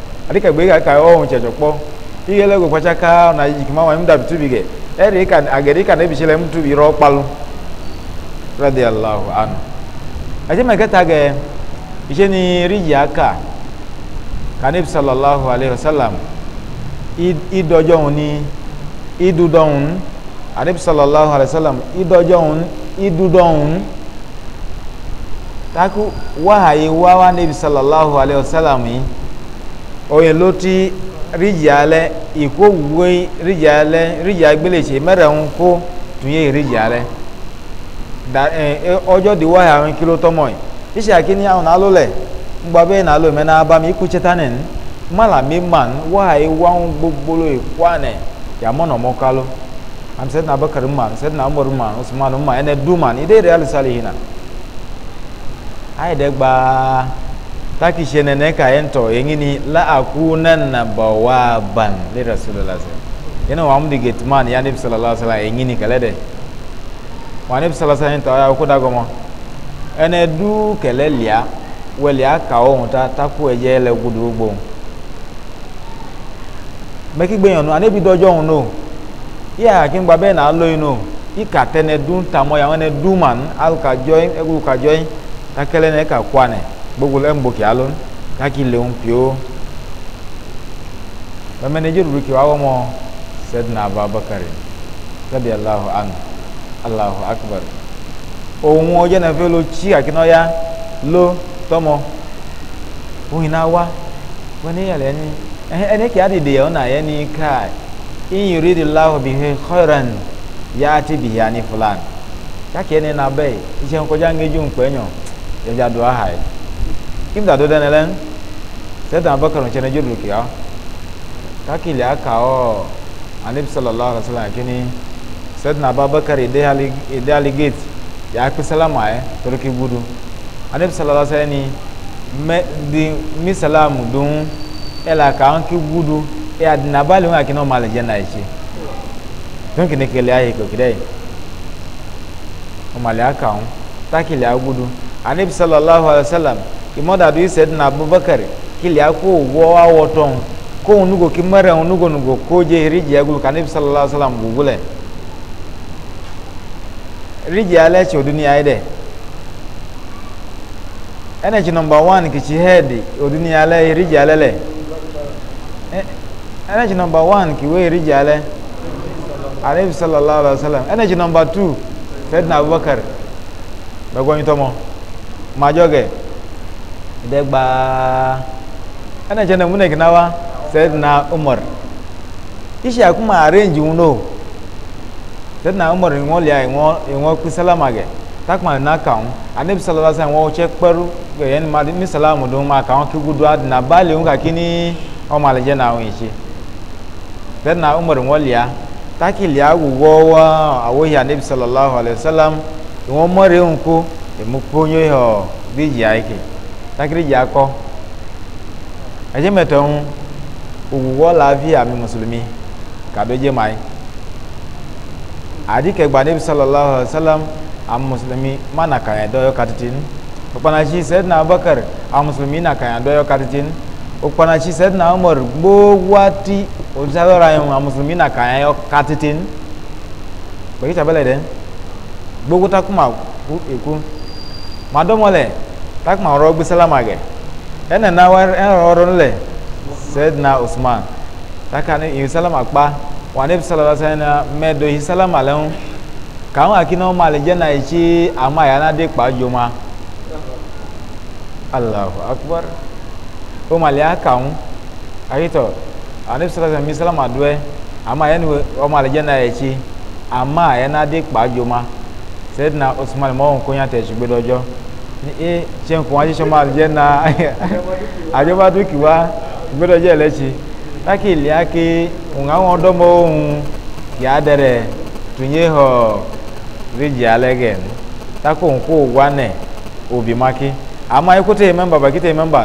Speaker 1: adika gbe ka ka ohun checho kpo ihe lego kwacha ka na yiki mama mda bitubi ge eri ka ageri ka nebi chele mtu bi ro palu radiyallahu anhu aje ma gata ge ije ni riji aka kanib sallallahu alaihi wasallam idojo hun ni idudo hun anib sallallahu alaihi wasallam idojo hun taku wahayi wawa nabi sallallahu alaihi wasallam onye ló ti ríjà lẹ ìkó wúwe ríjà lẹ ríjà gbélé-tse mẹ́rẹ̀ẹ́hún kó tún yé da e, e, di wáyà àwọn kìló tọmọ yìí iṣẹ́ àkíní àwọn náà ńgbà bẹ́ẹ̀ náà ló náà bá mi ikú tsẹ́tà nẹ̀ ní mọ́làmí mà ní wáyà gbogbo mà mà mà mà alùsàlẹ̀ yìí taki shene ne ka yento yengini la akunanna bawaban li rasulullah yana wa amdi getman ya nabi sallallahu alaihi wasallam yengini kalede wa nabi sallallahu alaihi wasallam ta ko dago mo ene du kelelia welia ka ohun ta taku eje le gudu gbo meki gbeyan no anabi dojo ohun no ya kin gba be na lo inu ika tene dun tamo ya ene duman al ka join egu ka join takele ne ka kwane gbogbo lẹ́ ń bo kìá lónìí káàkiri lè ń pìó bẹ́ẹ̀ ni jíròrò kí wàá wọ́n mọ́ sẹ́dínà abubakar sẹ́bi aláhu anu aláhu akbar òun ọjọ́ náà fẹ́ lo tí àkínọ́yá ló tọ́mọ òun iná wá wọ́n ní yàrá ẹni ẹni kìá dìde yẹn ọ̀nà ẹni káà ìyìn rí di láhu bìí khairan yá ti bìí yá ní fúlàn káàkiri ẹni nà bẹ́ẹ̀ iṣẹ́ nkọjá ń gẹ́jú ń pẹ́ yàn yẹn kim da do dene len sɛta abakar nkyɛn agye do kia kakili aka ɔ anib sallallahu alaihi wasallam akini sɛta ababakar ede ali gate ya akpi salam ayɛ toro ki gudu anib sallallahu alaihi wasallam ni mɛ di mi salam dun ɛla ka an ki gudu ɛya di nabali wɔn akini ɔma alijɛ na ɛkyi tun kini kele ayi kokidɛ ɔma ali aka ɔn takili agudu anib sallallahu alaihi wasallam imɔda do isɛ do na abubakar kilia ko wɔ awɔ tɔn ko nugo ki mɛrɛ nugo nugo ko je ridzia gulu ka sallallahu alaihi wa sallam gugu lɛ ridzia lɛ tso duniya yi dɛ ɛnɛ tsi nɔmba wan kitsi hɛdi o duniya lɛ ridzia lɛ lɛ ɛnɛ tsi nɔmba wan kiwe ridzia lɛ eh, alebi sallallahu alaihi wa sallam ɛnɛ tsi nɔmba tu fɛdi na abubakar bɛ gbɔnyitɔmɔ madzɔ gɛ dagba ana chana muna ginawa na umar ishi akuma arrange uno sayyidina umar inwon liya inwon ku salama ge takma na kaun anabi sallallahu alaihi wasallam che peru ge yen ma mi salamu do ma kaun ki gudu ad na bale un ka kini o ma le jana un ishi sayyidina umar inwon liya taki liya gugo wa awo ya anabi sallallahu alaihi wasallam inwon more un ku emukunyo ho bi ya ike takiri dza kɔ ɛdze mɛtɛ ŋu owuwɔ la vi ami musulumi kado dze ma yi adi kɛgba nebi sallallahu alaihi wa sallam ami musulumi ma na kanya dɔ yɔ katitin okpanatsi sɛdina abakar ami musulumi na kanya dɔ yɔ katitin okpanatsi sɛdina umar gbogbo ati otisayɔra yi ami musulumi na kanya yɔ katitin gbɛkitsa bɛlɛ dɛ gbogbo takuma ku eku madɔmɔ lɛ tak ma ɔrɔ gbésálà ma gɛ ɛnɛ na wɛrɛ ɛrɔ lɛ sɛdina usman taka ni iye sálàmà kpa wà ní sálàmà sɛn na mɛ do yi sálàmà lɛ ŋu kàwọn akínà wọn malè jẹ́ náà etí àmà yàrá dé kpa dzo ma alahu akbar wọn malè aka ŋu ayitɔ ani sálàmà mi sálàmà doɛ àmà yẹn wọn malè jẹ́ náà etí àmà yàrá dé kpa dzo ma sɛdina usman mɔwọn kónyà tẹ̀ ṣùgbẹ́ dɔjọ́ ni e ṣe ń kọ́ wọn ṣiṣẹ́ máa jẹ́ na àjọba dúkì wá gbọ́dọ̀ jẹ́ ẹlẹ́tsi láti ilé ake òun àwọn ọdọ́mọ ohun yà á dẹrẹ tùnyé họ ríjì alẹ́gẹ̀ tako nkó wa nẹ òbí maki àmọ́ ayé kúté mẹ́mbà bàkí tẹ̀ mẹ́mbà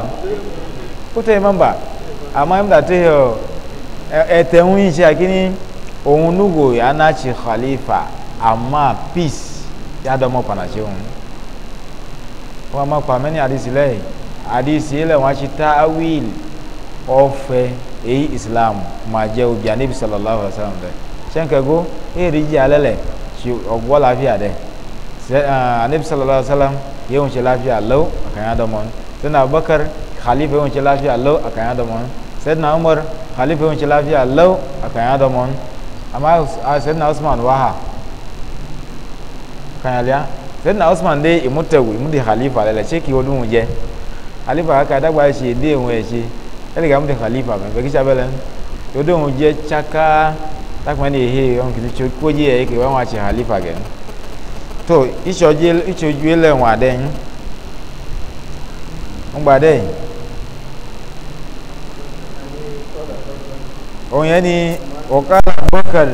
Speaker 1: kúté mẹ́mbà àmọ́ ayé mẹ́mbà tẹ̀ họ ẹ̀tẹ̀ ń yìí ṣe àkíní òun nugo yà á nàchi khalifa àmọ́ peace yà á dọ́mọ pànàṣẹ́ òun wọn máa pa mẹ́ni àdìsí lẹ́yìn àdìsí lẹ́yìn wọn ṣe táwíìlì ọ̀fẹ́ èyí islam máa jẹ́ obì àníbi sallallahu alayhi wa sallam rẹ̀ ṣẹ́ńkẹ́gó èyí jẹ́ alẹ́ lẹ̀ ṣe ọgbọ́ láfíà dẹ̀ àníbi sallallahu alayhi wa sallam yẹ́ wọn ṣe láfíà lọ́wọ́ àkànyà dọ́mọ́ sẹ́nà abubakar khalifa yẹ́ wọn ṣe láfíà lọ́wọ́ àkànyà dọ́mọ́ sẹ́nà umar khalifa yẹ́ wọn ṣe láfíà lọ́wọ́ àkànyà dọ́mọ́ àmọ́ sẹ́nà usman wàhà àkànyà sẹ́dínà usman dé ìmútẹ̀wù ìmúdi khalifa lẹ́lẹ̀ ṣé kí olóhùn jẹ́ khalifa kàkà dàgbà ṣe dé òun ẹ̀ ṣe ẹ̀lẹ́ kà múdi khalifa mẹ́fẹ́ kí sábẹ́lẹ́ olóhùn jẹ́ tsaka takuma ni ehe ọ̀n kìí tso kódzi ẹ̀ kì wọ́n wá ṣe khalifa gẹ̀ tó ìtsojú lẹ̀ wọ́n adẹ́ yín ń gbà dẹ́ yìí òun yẹn ni ọ̀kadà bọ́kàl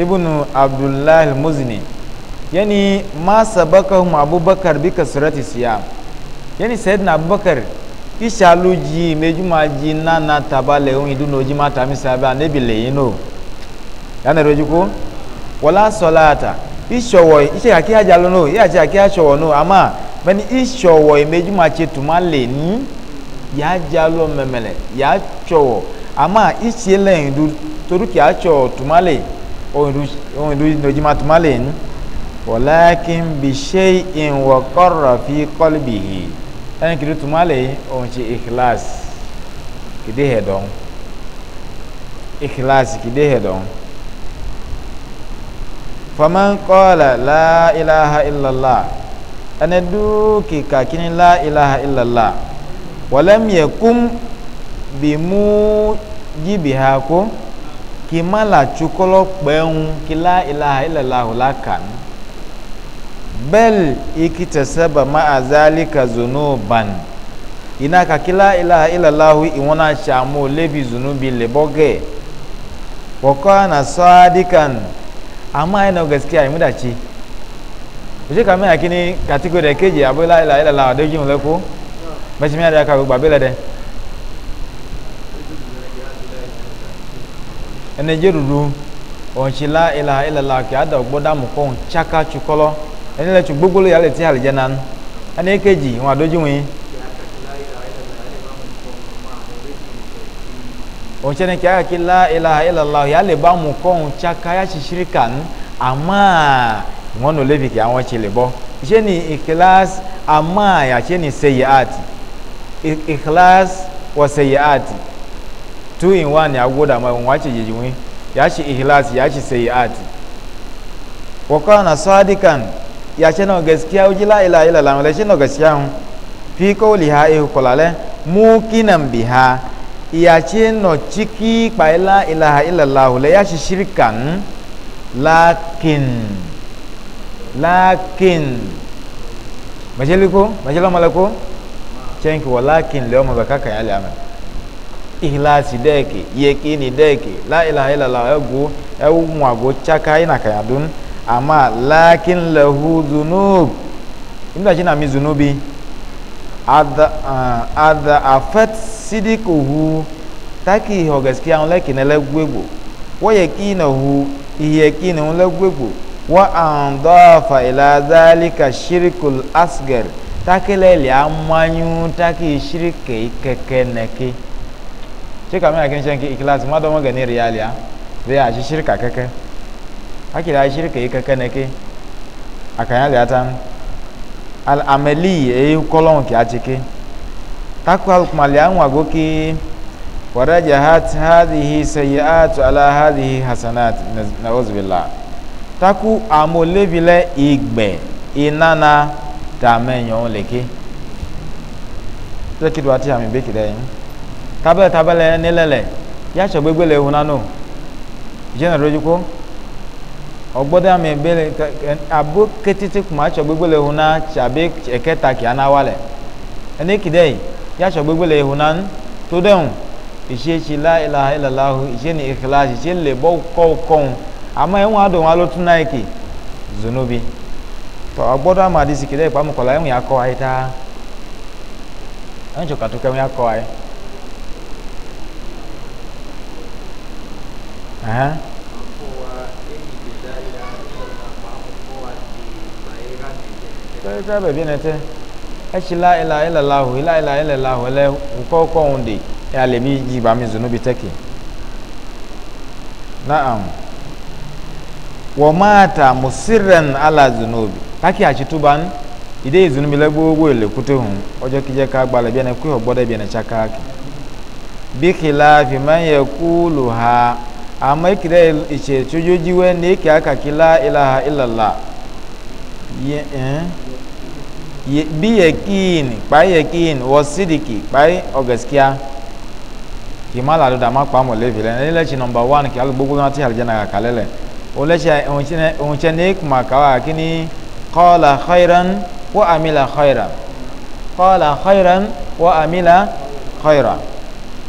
Speaker 1: ibùnú abdullahi muzni yani ma sabakahum abubakar bi kasrati siya, yani na abubakar isalu ji ma ji na tabale ohun iduna ojima ba sabe anabi leyin no yana roju ko wala salata isowo ise aki ajalo no iya ti aki asowo no ama mani meju ma che ma le ni ya jalo memele ya chowo ama ise leyin du toruki acho tumale ohun idu ojima tumale ni walakin bi shay'in wa qarra fi qalbihi ɛn kiri tuma le on ci ikhlas kidi hɛ dɔn ikhlas kidi hɛ dɔn faman qala la ilaha illallah ɛnɛ duu kika kini la ilaha illallah walam yakum bi mujibiha ko kì má la tsukɔlɔ kpɛɛŋu kì la ilaha illallah la kàn. bal ikitesaba ma'a zalika zunuban ina ka kila ilaha illallahu iwona shamu lebi zunubi leboge wa kana sadikan amma ina gaskiya yi mudaci oje ka mena kini katiko de keje abo ila ila ila la de jin leko ba si mi ada ka gba bele de ene jerudu on si la ilaha illallah ki ada ogboda mu ko chaka chukolo ẹni lẹ́tù gbogbo ló yàlẹ̀ tí àlìjẹ́ náà ẹni kejì wọn àdójú wọn. òun ṣe ni kí ayọ̀ kí láìla ìlàlá ọ̀yà lè bá mu kọ́ òun tsaka yá ṣe ṣírí kàn àmọ́ wọn nò lébi kí àwọn ṣe lè bọ́ ṣé ni ìkìláàs àmọ́ ni ṣèyí àti ìkìláàs wọ ṣèyí àti two in one ni agogo dàmọ́ òun wá ṣe yèyí wọn yà ṣe ìkìláàs yà ṣe ṣèyí àti. wọ́n kọ́ ọ̀nà ya ce na gaskiya uji la ila ila la shi na gaskiya hun fi kawli ha ihu kulale mukinan biha ya ce na ciki pa ila ila ila la le ya shi shirkan lakin lakin majaliko majalo malako cenki walakin le o ma kaka ya le amen ihlasi deke yekini deke la ilaha illallah ego ewu nwago chaka ina kayadun amma lakin lahu zunub inda shi na mi zunubi adha afet sidikuhu taki ihe gaskiya n laki na lagwegbo wa yaqinahu ihe yaqina n lagwegbo wa an dafa ila zalika shirkul asgar taki lele amanyu taki shirke keke neke ce kamar yakin shanki ikilas ma don magani riyaliya zai a shi shirka keke akira ashirka yi kakana ke akanya gatan al'amali eyi kolon ki acike takwa alkumali an wago ki waraja hat hadhihi sayyi'atu ala hadhihi hasanat na'udhu billah taku amolebile igbe inana tamenyo leke tẹ́kì tó àti àmì bẹ́kì rẹ̀ yín tábẹ́lẹ̀ tábẹ́lẹ̀ nílẹ̀lẹ̀ yá aṣọ gbégbélé ehun nánú ìjẹ́ ọgbọdọ àmì ìbẹlẹ abo ketete kuma atsɔ gbegbele ho na tsabe ɛkɛta kia na wa lɛ ɛnɛ kidɛ yi yatsɔ gbegbele ho na to dɛ ŋu ìṣeéṣi la ilaha illallah ìṣe ni ìkìlá ìṣe lè bɔ kɔkɔn àmọ́ ɛŋu adùn alo tún náà kì zonobi tɔ ọgbọdọ àmì adisi kidɛ ìpamọ kɔla ɛŋu yakɔ ayi taa ɛŋu tsɔ kato sɛgbɛ bɛbi nɛtɛ ɛtsi la ila ila la ho ila ila ila la ho lɛ wòkɔ kɔŋ de ɛyà lɛ mi yi ba mi zunu bi tɛki naam wɔ maata musirin ala zunu bi taki atsituban ide yi zunu bi lɛ gbogbo ele kute ho ɔdzɔ kidze ka gba lɛ bi ɛnɛ kuyi ɔgbɔ dɛ bi ɛnɛ tsaka ki bikila fimanyɛ kulu ha ama ekele itse tsodzo dziwɛ ne eke akakila ilaha ilala yɛ ɛn. Eh? bi yakin kpai yakin wɔ sidiki kpai ɔgaskiya kìmá la do dama kpa mɔ levi lɛ ne lɛtsi nɔmba wan kì alu gbogbo náà ti alijana kaka lɛ lɛ o lɛtsi ohun tse ne kuma kawa kini kɔɔla xɔyiran wo amila xɔyira kɔɔla xɔyiran wo amila xɔyira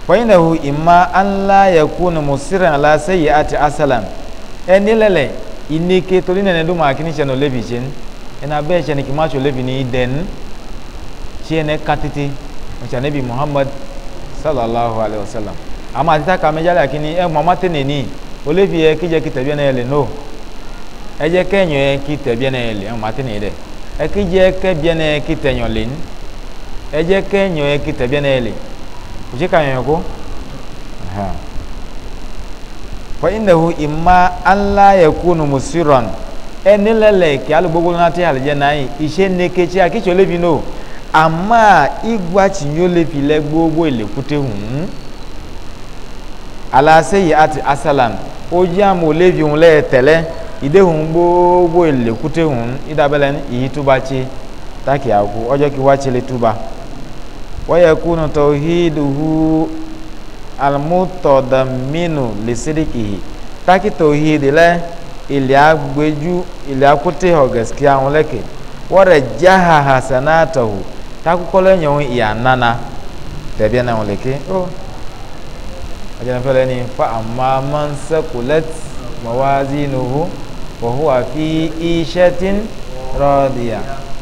Speaker 1: fɔyinahu ima ala yakunu musiran la seyi ati asalam ɛni lɛ lɛ ineke tori nɛnɛ do ma kini tse no ena be chene ki macho ni den chene katiti chene bi muhammad sallallahu alaihi wasallam ama atita kamejale akini e eh, mama tene ni olevi e kije ki tebi na ele no eje kenyo e ki tebi na ele eh, mama tene de e eh, kije ke bi na ki tenyo lin eje kenyo e ki tebi na ele kuje kanyo ko ha fa innahu imma an la yakunu musiran ẹni lẹlẹ kí alùgbogbo lọ́nà tí àlejò náà yìí iṣẹ́ neketsi akítsọ lébi nò àmà ìgbàtsi yóò lébi lẹ gbogbo ìlẹkùtẹ hùn alaseyi ati asalam ojú àmọ lébi hùn lẹ tẹlẹ ìdè hùn gbogbo ìlẹkùtẹ hùn ìdàbẹlẹ ìyí túba tsi táàkì àgọ ọjọ́ kí wá tsi lè túba wọ́yẹ lè lẹ́ẹ̀. ilẹ̀ agbẹ́jú ilẹ̀ akutẹ́ hɔ gaskiya ŋun lẹ́kẹ̀ wɔrɛ jaha hasanatahu takukɔlɛ nyɛ ŋun iya nana tɛbiɛ na ŋun lɛkɛ o oh. ajanafɛ lɛ ni fa ama mansakulet mawazinuhu wahuwa fi ishatin rɔdiya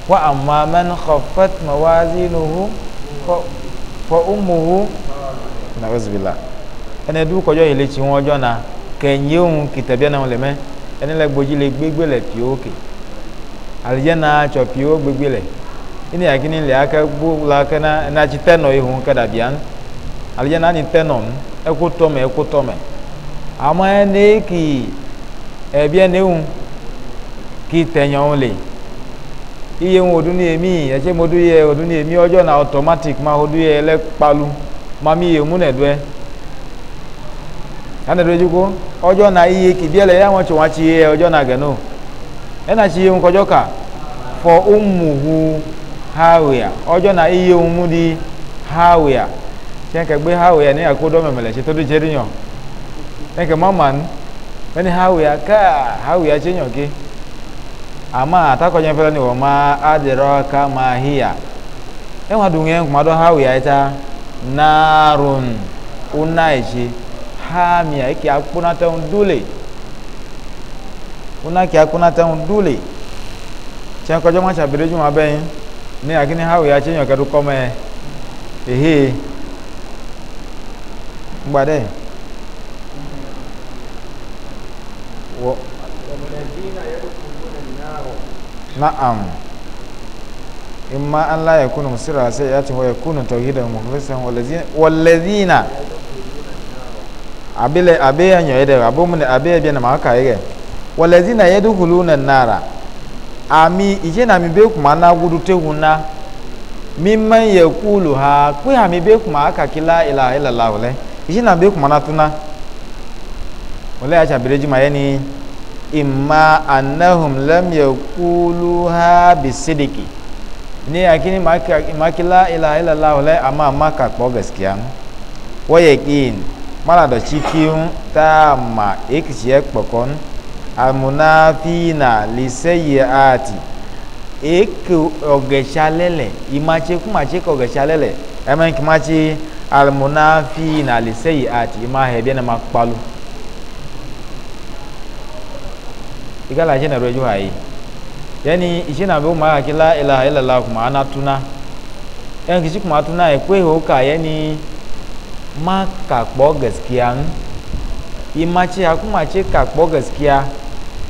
Speaker 1: wa ama man kɔfat mawazinuhu fɔ umuhu na ɔzibila ɛnɛ du kɔjɔ yi lɛ tsi ŋun ɔjɔ na kɛnyɛ ŋun kitabiɛ na ŋun lɛmɛ. ẹni lẹ gbodzi le gbegbe le pio ke alidzena tsɔ pio gbegbe le ini yakini le ake gbó la ke na enatsi tɛnɔ yi hɔn ke ɖabia nu alidzena ni tɛnɔ nu ɛkutɔ me ɛkutɔ me ame ne ki ɛbia ne ŋu ki tɛnyɔ le iye ŋu odu ni emi ɛtsɛ mo du yɛ odu ni emi ɔdzɔ na automatic ma odu yɛ lɛ kpalu mami yɛ mu nɛ do yɛ. kana do jugo ojo na iye ki biele ya won chwa chi ye ojo na geno ena chi ye ko joka fo ummuhu hawiya ojo na iye umudi hawiya tenke gbe hawiya ni akodo memele se to do jeri yan tenke maman eni hawiya ka hawiya che yan ki ama atako yan fele ni wo ma adira ka ma hiya enwa dunye kuma do hawiya narun unaishi hamia eke akpona te undule du ki wona ke undule te ŋu du le tse ma hawo ya chenyo nyɔ ehe ŋgba ɖe wɔ na'am imma an la yakunu musira sai ya ce wa yakunu tauhidan mukhlisan walladhina abele abe anyo ede abo mun abe ebe na maka ege walazina yadkhuluna nara ami ije na mi be kuma na gudu tehuna mimman yakulu ha kwe ha mi be kuma aka kila ilaha illallah wala ije na be kuma tuna wala acha bireji mayeni. imma annahum lam yakuluha bisidiki ne akini maka makila ilaha illallah wala amma maka ko gaskiya wa yaqin mana da cikin tamma ikiciyar kpakon almunafina lisayyati eke ogeshalele imace kumace ka ogeshalele emen kimace almunafina lisayyati ima hebe na makpalu igala ce na rojo hayi yani ishe na bi umar akila ilaha illallah kuma ana tuna yan kishi kuma tuna ekwe hoka yani ma kakpɔ gaskiya ŋu imatsi akumatsi kakpɔ gaskiya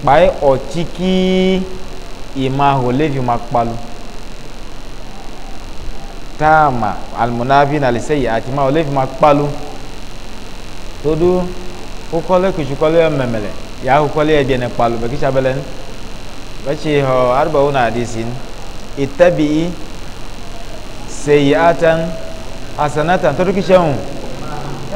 Speaker 1: kpae ɔtsikii ima ho levi ma kpalu taama alimunavi na lise yi ati ma ho levi ma kpalu todo wokɔlɛ kutsukɔlɛ mɛmɛlɛ yaa wokɔlɛ yɛ diɛnɛ kpalu bɛ kisɛ abɛlɛ nu bɛtsi hɔ arabawo na adi si itabi seyi atan asanatan todo kisɛ ŋu.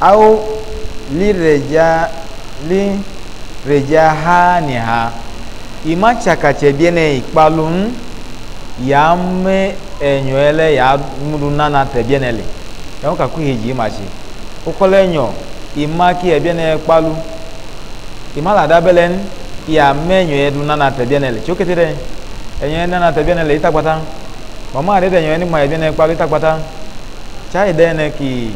Speaker 1: au lirejahaniha ima tsakatsɛ bie ne ikpalun ya me enyo yɛ lɛ ya nuɖu nana tɛ bie ne li yawo kaku yi dzi ma tsi wokɔ lɛ nyɔ ima ki yɛ bie ne kpalu ya me enyo yɛ du nana tɛ bie ne li tso mama aɖe de enyo yɛ ni ma yɛ ki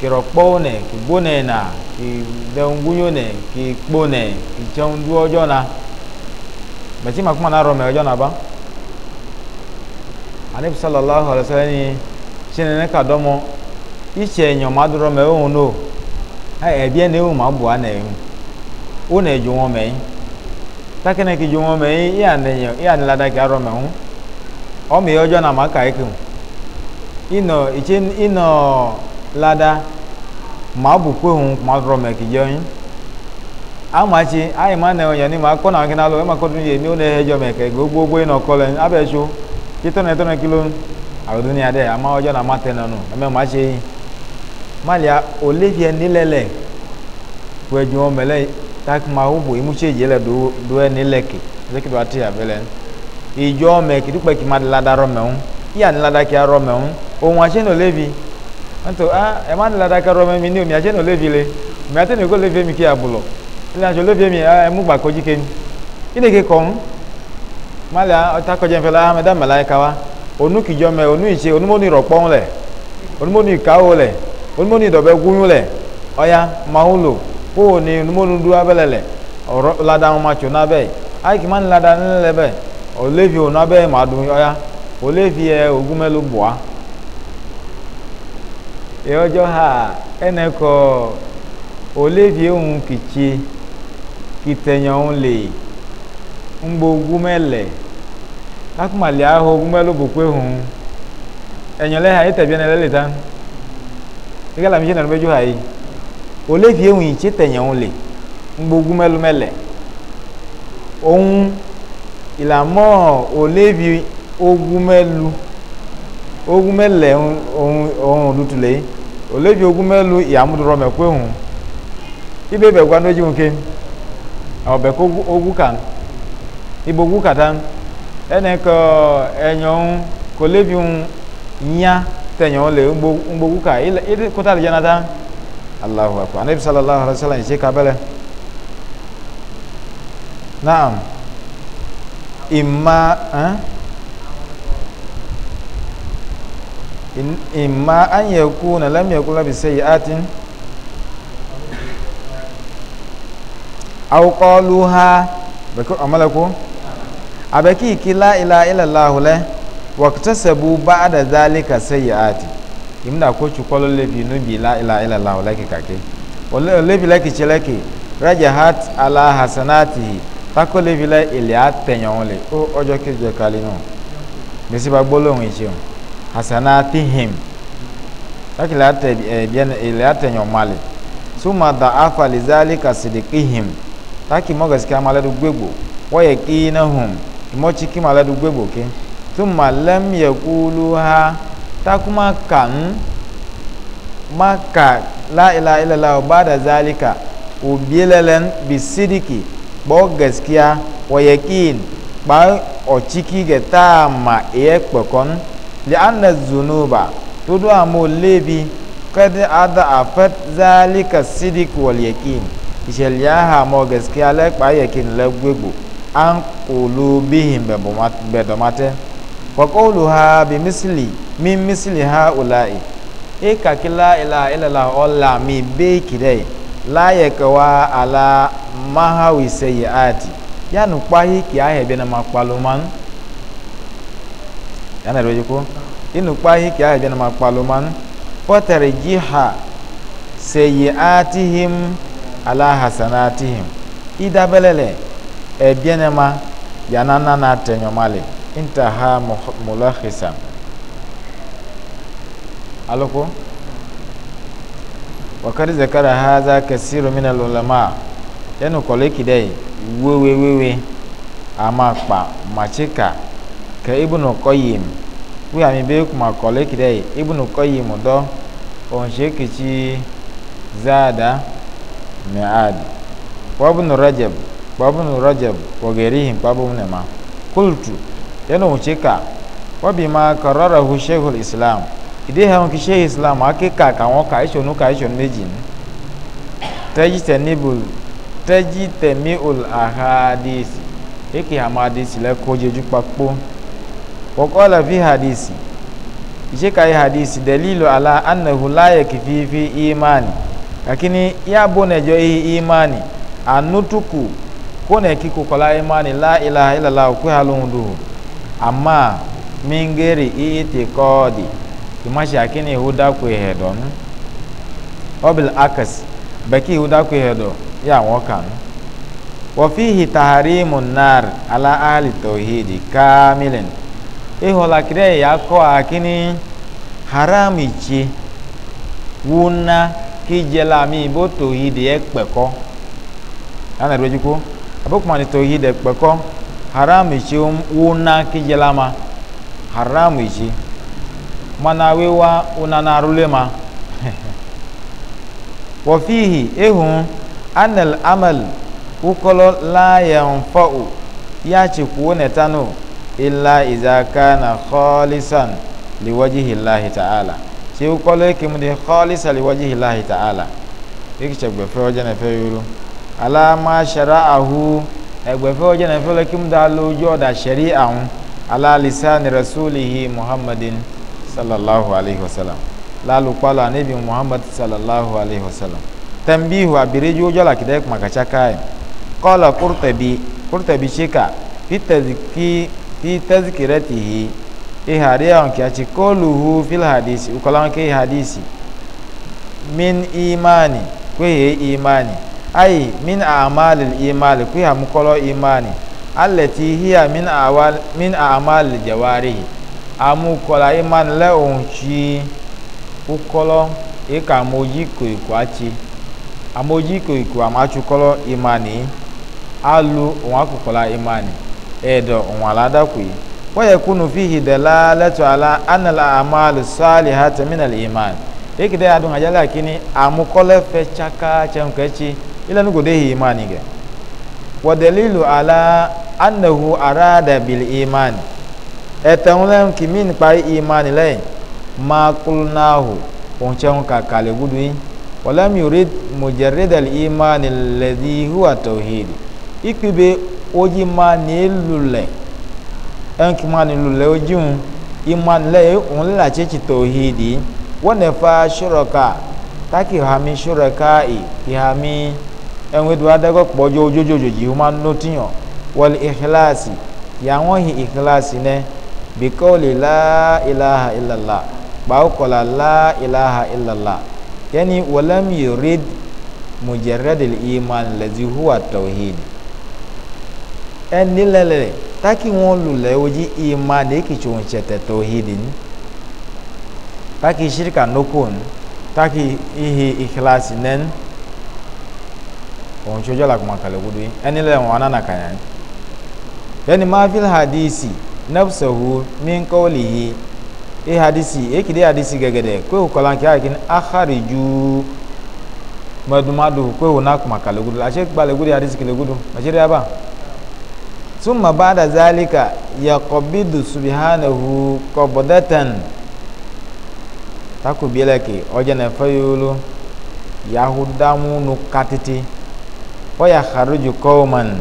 Speaker 1: kirɔkpɔwo nɛ kigbo nɛ na kidɛŋgunyo nɛ kikpo nɛ kitsɛŋdu ɔdzɔ na mɛtsi ma kuma na rɔ mɛ ɔdzɔ na ba anabi sallallahu alaihi wa sallam ni tsɛnɛ ne ka dɔmɔ itsɛ nyɔ ma do rɔ mɛ ohun no ɛbiɛ ne ohun ma bu anɛ ohun wo nɛ dzo wɔn mɛ yi takɛ ne ki iya ne iya ne la da ki arɔ mɛ ohun ɔmɛ ɔdzɔ na lada ma ọ bụkwa ohun ma ọ dọrọ meki jẹ onye amachi anyị ma na onye n'ime akọ na e nke e na alụ ịma kọdụ ihe ni ọ na jọ meke ga ogbo ogbo ịnọ kọlọ abịachu kịtọ na eto na kilo alụdụ ama ọjọ na amata nọnụ eme machi ehi malia olivia nilele kweju tak takma ugbo imuche eji ele due nileke ezekidu ati abele ijo meki dukpe kimadị lada rọmenwu ya nilada kia rọmenwu onwa chi na nto ah ɛma ne ladaka rɔmɛ mi ni omi atsɛ no levi le omi ate ne ko levi mi ke abulɔ ele atso levi mi a emu gba kɔdzi keni ine ke kɔm mali a ɔta kɔdzi nfɛ la ame da mɛ la kawa onu kidzɔ mɛ onu itse onu mo ni rɔ kpɔn onu mo ni kawo lɛ onu mo ni dɔbɛ gunyu lɛ ɔya mawu lo ko ni onu mo nu du abɛ lɛ lɛ ɔrɔ lada ma tso n'abɛ ayi kima ni lada ne lɛ bɛ olevi onu abɛ ma du ɔya olevi yɛ ogumɛ ya ha enekọ olevie ohun kichi kitenye ohun le mgbe ogumele akumali ahụ ogumele bụkwa hụ enyole ha itebie na eleleta igala mi se na nubeju ha yi olevie ohun ichi tenye ohun le mgbe ogumelu mele ohun ìlàmọ́ olevie ogumelu. ogun mɛlɛ ohun ohun dutule olevi ogun mɛlu yamudurɔ mɛ kpe ohun ibe bɛ gba n'odzi ŋuke ɔbɛ ko ogu kan ibo ogu kata ɛnɛ kɔ ɛnyɔnu ko levi ohun nya tɛnyɔnu le ŋgbo ŋgbo ogu ka ile ile kota le dzana ta alahu akpa anabi sallallahu alaihi wa sallam ɛsɛ kabɛlɛ naam ima ɛn. Eh? imma an yakuna lam yakula bi sayyi'atin aw qaluha bako amalaku abaki ki la ilaha illallah le waqtasabu ba'da zalika sayyi'ati imna ko chukolo le bi no bi la ilaha illallah le ki kake wala le bi le ki chele ki rajahat ala hasanatihi tako le bi le ile atenyon le o ojo ki je kalinu mi si ba gbolohun iseun him, hasanatihim lakini ilata eh, eh, nyɔmali suma da afa lizali ka him, taki mɔgɔ sika ma lɛdu gbegbo wɔyɛ kiina hum imɔtsi kima lɛdu gbegbo ke suma lɛm yɛ kulu ha takuma kan ma la ila ila la ubada da zalika ubielelen bielelen bi sidiki gbɔ gaskiya wɔyɛ kiin ba ɔtsiki gɛ taa ma eɛ kpɛkɔn li'anna zunuba todo amo lebi kad ada afat zalika sidik wal yakin ìṣẹ̀lẹ̀ aha mọ gaskiya lẹ́pa yakin lẹ́gbẹ̀gbò an kulu bihim bẹ̀dọ̀mátẹ́ kọ̀kọ́lù ha bi misili mi misili ha ula'i ikakila ila ilala ọla mi beeki dẹ láyẹ̀kẹ̀wá ala mahawi sẹ́yẹ̀ àti yánu kpahi kìí ahẹ̀bẹ̀ na ma kpalu mánu yana da ko inu kpahi ki ayi jana e ma kpaluman fatar jiha sayi'atihim ala hasanatihim idabelele ebienema yana nana tenyomale intaha mulakhisa aloko wakati zakara hadha kasiru min alulama yanu koleki dai wewewewe ama kpa machika ke ibnu qayyim wi ami be kuma kole kide ibnu qayyim do on shekici zada mi'ad wa ibnu rajab wa ibnu rajab wa ghairihim pa bu ne ma qultu yana wuce ka wa bima qarrarahu shaykhul islam ide ha ki shaykh islam akika ka won ka isonu ka isonu meji ni tajtanibul tajtamiul ahadith eke hamadisi le koje ju papo وقال في حديثي ishika yi hadisi dalilu ala annahu la yakfi fi imani lakini ya bone jo yi imani anutuku kone kiku kola imani la ilaha illa allah ku halundu amma mingeri itiqadi kimashi akini huda ku hedon obil hmm? akas baki huda ku hedo ya wokan hmm? wa fihi tahrimun nar ala ahli tauhidi kamilin ehola kire ya ko akini haram ije wuna kijela mi bo tohidi ekpeko ana doju ko abokuma ni tohidi ekpeko haram ije wuna kijela ma haram ije mana wewa una na rule wa fihi ehun anal amal ukolo la yanfa'u ya ci kuwa netano illa iza kana khalisan liwajihi Allah ta'ala ti o kole ki mu de khalisa liwajihi Allah ta'ala iki che gbe fe o jene fe yuru ala ma shara'ahu egbe fe o jene fe le ki mu da lojo da shari'a un ala lisani rasulihi muhammadin sallallahu alaihi wasallam la lu pala nabi muhammad sallallahu alaihi wasallam tambihu abiriju jola kidek makacha kai qala qurtubi qurtubi shika fi fi tazkiratihi iharia onke achi koluhu fil hadisi ukola onke hadisi min imani kwehe imani ai min amalil imani kweha mukolo imani Alleti hiya min awal min amalil jawarihi amukola imani le onchi ukolo ika moji koiko achi amoji koiko amachukolo imani alu onwa kukola imani edo alada nwalada kwi waya kunu fihi dalalatu ala anna al a'mal salihata min al iman ikide adun ajala kini amukole fe chaka chemkechi ila nugo de imani ge wa dalilu ala annahu arada bil iman etanulem kimin pari imani le ma qulnahu oncheun kakale gudui walam yurid mujarrid al iman alladhi huwa tauhid ikibe oji ma ni lulẹ̀ ẹnkì ma ni lulẹ̀ oji ń ìmọ̀lẹ́ òun lè àtẹ̀tì tòhídì wọ́n lè fa ṣúrọ̀ka tákì hàmí ṣúrọ̀ka kì hàmí ẹ̀hún ètò adágọ́ pọ̀jọ́ ojoojoojú yìí wọ́n máa ń lótìyàn wọ́lẹ̀ ìkíláàsì kì àwọn hì ìkíláàsì náà bìkọ́ lè láìláha ìlàlà gbàókọ̀lá láìláha ìlàlà yẹ́nì wọ́lẹ́mì rẹ́d mùjẹ̀rẹ́dìl ìmọ̀lẹ́dì hùwà tòhídì ẹni lẹlẹ taki wọn lulẹ oji ima de kitso ntsɛtɛ to hidin taki sirika nokon taki ihe ikilasi nɛn òun tso jɔ la kuma kalẹ kudu yi ɛni lɛ wọn anana kanya yi yanni mafil hadisi nafsahu min kawlihi e hadisi e kide hadisi gɛgɛdɛ ko kɔlan kia kin akhariju madumadu ko wọn na kuma kalẹ kudu la a se gbalẹ kudu hadisi kele kudu a se de yaba. ثم بعد ذلك يقبض سبحانه قبضة tako bieleke oje na fayulu yahudamu nukatiti oya kharuju qauman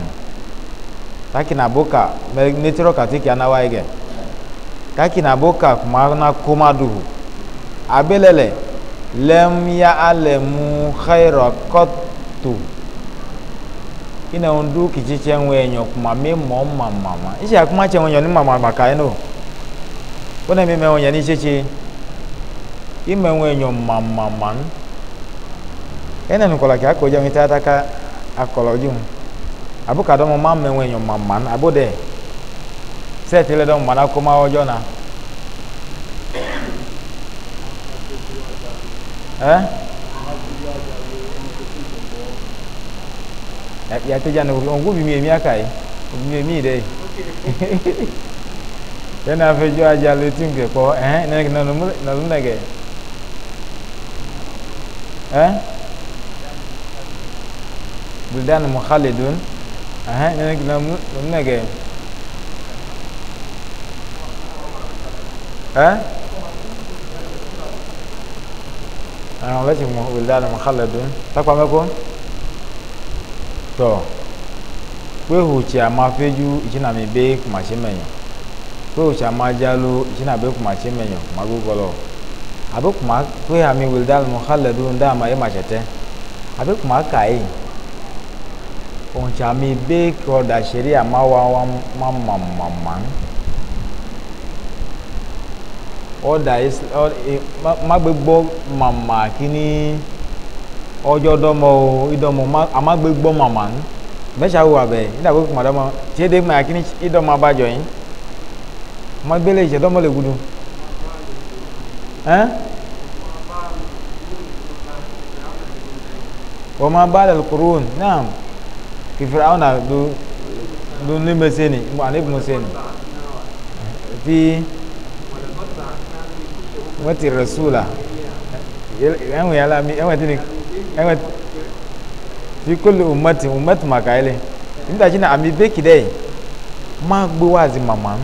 Speaker 1: taki na boka netiro katiki anawaige kaki na boka kuma na komaduhu abelele lem ya alemu ina ndu kichiche nwe enyo kuma me mo mama ma ishi akuma che onyo ni mama maka eno bona me me onyo ni cheche ime nwe mama man Ena nukola ki akoja mi tata ka akola jum abuka do mama me nwe enyo mama na abode se tele do mama ko ma eh ya ta jana on gubi mi mi aka yi mi mi dai yana fe jo aja le tin ke ko eh na na na na ke eh buldan mukhalidun eh na na na ke eh أنا لازم ولدان مخلدون تقوى معكم؟ tɔ kpehutsi amafedu itsina mi be kumatsi mɛnyɔ kpehutsi amadzalo itsina be kumatsi mɛnyɔ kumagbogbolɔ abe kuma kpehe ami wele da alunu xa le do nu da ama ye matsɛtɛ abe kuma ka yi ɔntsa mi be kɔ da seri ama wa wa ma ma ma ma ɔda is ɔ e, ma gbe gbɔ ma ma kini ọjọ́ dọ́mọ o idọ́mọ amagbe gbọ́ màmá ń mẹ́sà wò abẹ́ ìdàgbé kùmà dọ́mọ tí édè mẹ́ akíní idọ́mọ abájọ yín ọmọgbélé ìṣẹ́dọ́mọ lè gudu ẹ́n wọ́n máa bá lẹ̀ kúrún náà kìfìrà ọ̀nà ló ní mẹ́sẹ̀ni àlébù mẹ́sẹ̀ni fi wọ́n ti rẹ̀ sùúlà ẹ̀wọ̀n yàrá mi ẹ̀wọ̀n tí ni. enwe fi kulli ummati ummati maka ile inda jina ami beki dai ma gbo wazi mama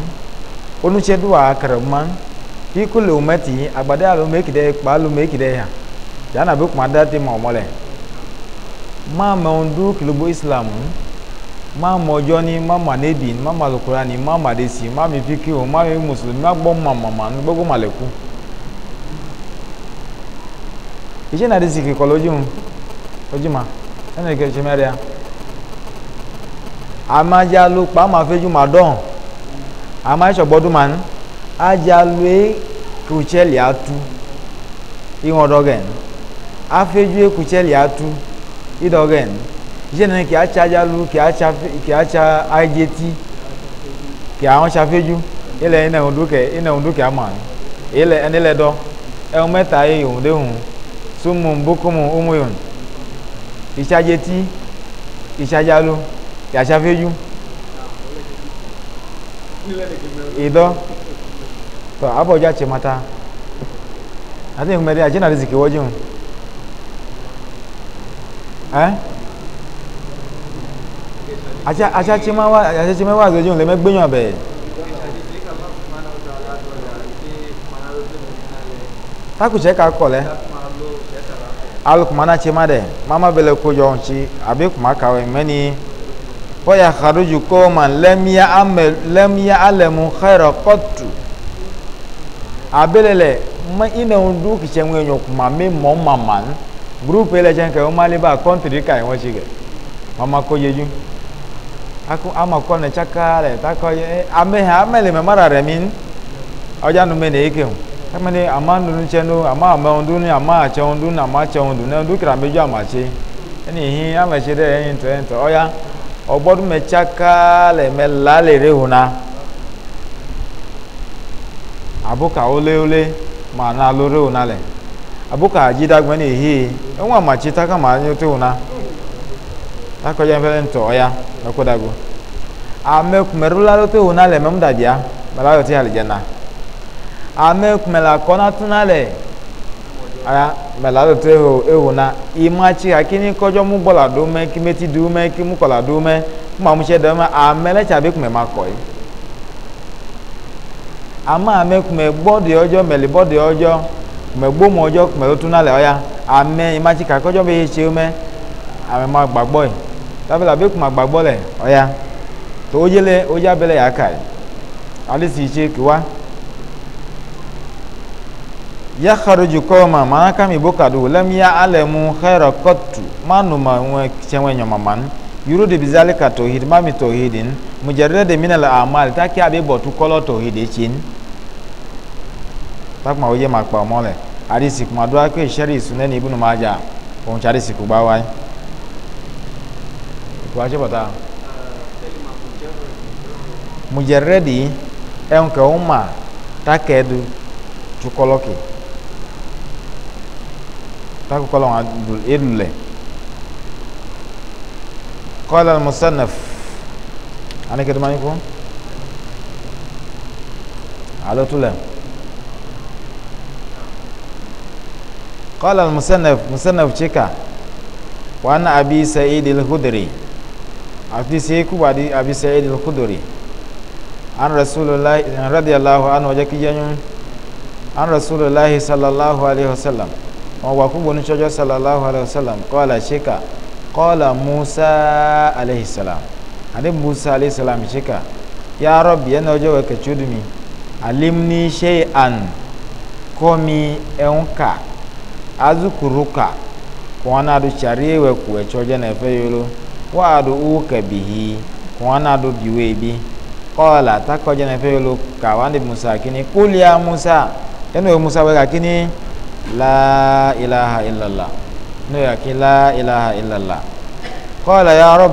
Speaker 1: onu che duwa akara ma fi kulli ummati agbade alu meki dai pa alu meki ya ya na bi kuma da ma omole ma ma ondu kilobo islam ma ma ojo ni ma ma nebi ma ma lukurani ma ma desi ma mi fikiri ma mi musulmi ma gbọ ma mama gbogbo maleku. Ma ìṣe náà di sìkì kọ lójú ma, ẹnì kẹ ṣe mẹrẹ ya amajalu pàmò afẹjú madọn amáṣọgbọdúnmánu ajalu e kùchẹlì atu ìwọn dọgẹn afẹjú e kùchẹlì atu ìdọgẹn ìṣe náà kì í atsa ajalu kì í atsa ajeti kì í àwọn ṣàfẹjú ilẹ̀ ìnà òǹdókè ìnà òǹdókè àmọ́ ilẹ̀ ẹni lẹ dọ ẹ̀hún mẹ́ta yìí òǹdéhùn. súnmù bókùmù umuyun ìṣàjẹtí ìṣàjálò yàṣàfẹ́jú ìdọ́ tó ya ce mata àti ìkùnmẹ́rẹ́ àjẹ́ náà rìzìkì wọ́jú ẹ́ àṣàṣe mẹ́wàá àzọ́jú takùsẹ́ kakọ̀ lẹ́ alu kuma na ce ma dɛ mama bɛ lɛ ko jɔn ci a bɛ kuma ka wɛ mɛ ni fɔ ya xaruju ko ma lɛmiya amɛ lɛmiya alɛmu xɛrɛ kɔtu a bɛ lɛ lɛ mɛ ina ŋu du kisɛ ŋu yɔ kuma mi mɔ mama groupe lɛ tiɲɛ kɛ o ma le kɔntiri ka yi wɔ si kɛ mama ko yeju aku ama kɔ ne tsaka lɛ takɔ ye ame hã ame le mɛ mara rɛ mi ɔdza mɛ ne yi ke o kamani ama ndunu tse nu ama ame ndu ni ama atse ndu ni ama atse ndu ne ndu kira medzo ama tse eni hi ama tse ɖe eyin tɔ eyin tɔ ɔya ɔgbɔdu me tsaka le me la le re hona abuka wolewole ma na lo re hona le abuka adzi dagbe ne hi eŋu ama tse taka ma nyo te hona takɔdze ŋfɛ le ŋutɔ ɔya mekɔ dago ame kumeɖola ɖo te hona le memu dadia mela yɔ te alidze na ame kume la kɔna tuna lɛ aya mɛ la tɛ eho eho na imatsi gake ni kɔdzɔ mu gbɔ la do mɛ ki meti du mɛ ki mu kɔ la do mɛ kuma mu tse dɛ mɛ ame lɛ tsa bi kume ma kɔ yi ama ame kume gbɔ de ɔdzɔ mɛ li bɔ de ɔdzɔ kume gbɔ ɔdzɔ kume lo tuna lɛ ɔya ame imatsi ka kɔdzɔ bi tse mɛ ame ma gba gbɔ yi tabi la bi kuma gba gbɔ lɛ ɔya to wodze lɛ wodze abɛ yaka yi alisi tse kiwa ya kharuju koma mana kami bukadu lam ya alamu khaira qattu manu ma chenwe nyoma man yurudu bizalika tauhid mami tauhidin mujarrada min al amal taki abi botu kolo tauhid echin tak ma oye ma pa mole hadisi kuma do ake shari sunan ibnu majah on chari siku bawai ko aje bata mujarradi en ka umma takedu chukoloki tako kɔlɔn a dul irin lɛ kɔlɔn musanaf ani kɛ dumani ko alo tu lɛ kɔlɔn musanaf musanaf cika wa ana abi sa'id al-khudri afi sai ku ba di abi sa'id al-khudri an rasulullahi radiyallahu anhu wajakiyan an rasulullahi sallallahu alaihi wasallam wọn wà fún bonu sọjọ sallallahu alayhi wa sallam kọ́ọ̀lá ṣíkà kọ́ọ̀lá musa alayhi salam àní musa alayhi salam ṣíkà ya rọ́bì yẹn ní ọjọ́ wẹ̀ kẹ̀tsúdu mi alimni ṣe an, kọ́ mi ẹ̀hún kà azukuru kà wọn náà do tsari wẹ̀ kú ẹ̀tsọ́ jẹ́ n'ẹ̀fẹ́ yòló wọ́n á do owó kẹ̀bìhì wọn náà diwe bi kọ́ọ̀lá takọ́ jẹ́ n'ẹ̀fẹ́ yòló kà wọn á di musa kini kúlíà musa yẹn ní o musa wẹ̀ kà kini la ilaha illallah no ya ki la ilaha illallah qala ya rab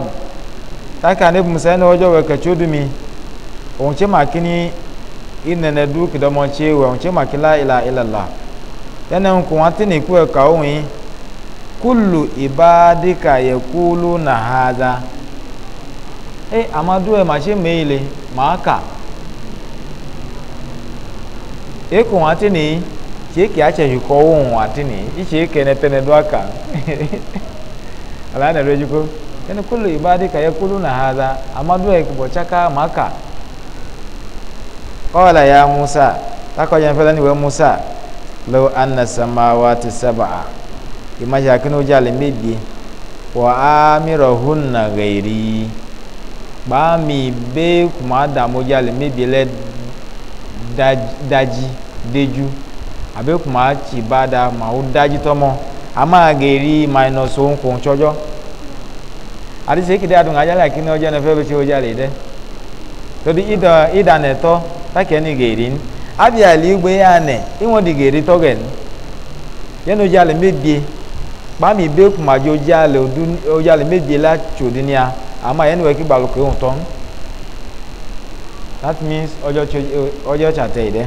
Speaker 1: taka ne musa ne ojo we ka chudumi on che makini inna na du ki domo che ilaha illallah yana un kun ati ne Kulu e ka ohun kullu ibadika yaquluna hadha eh amadu e ma se meile ma ka e kun ni cheke acha yuko won atini icheke ne tene dwaka ala na rejuko yani kaya ibadika na hadha amadu yakibochaka maka qala ya musa tako yanfela ni we musa Lo anna samawati sab'a imaja kinu jale mebi wa amirahunna ghairi ba mi be kuma da mo jale mebi le daji deju abe kuma tsi ba da ma wo dadzi tɔmɔ ama geri minus wo ŋkɔ tsɔdzɔ ati se kete adu ŋadza la kini ɔdza nɛfɛ betsi ɔdza li dɛ todi ida ida nɛtɔ takɛ ni geri ni abi ali gbe ya nɛ iwɔn di geri tɔ gɛ ni yɛn ɔdza li mebie kpami be kuma dzo ɔdza li ɔdu ɔdza li mebie la tso di nia ama yɛn wɛ kibalu ke ŋutɔ that means ɔdza tso ɔdza tsa tɛ yi dɛ.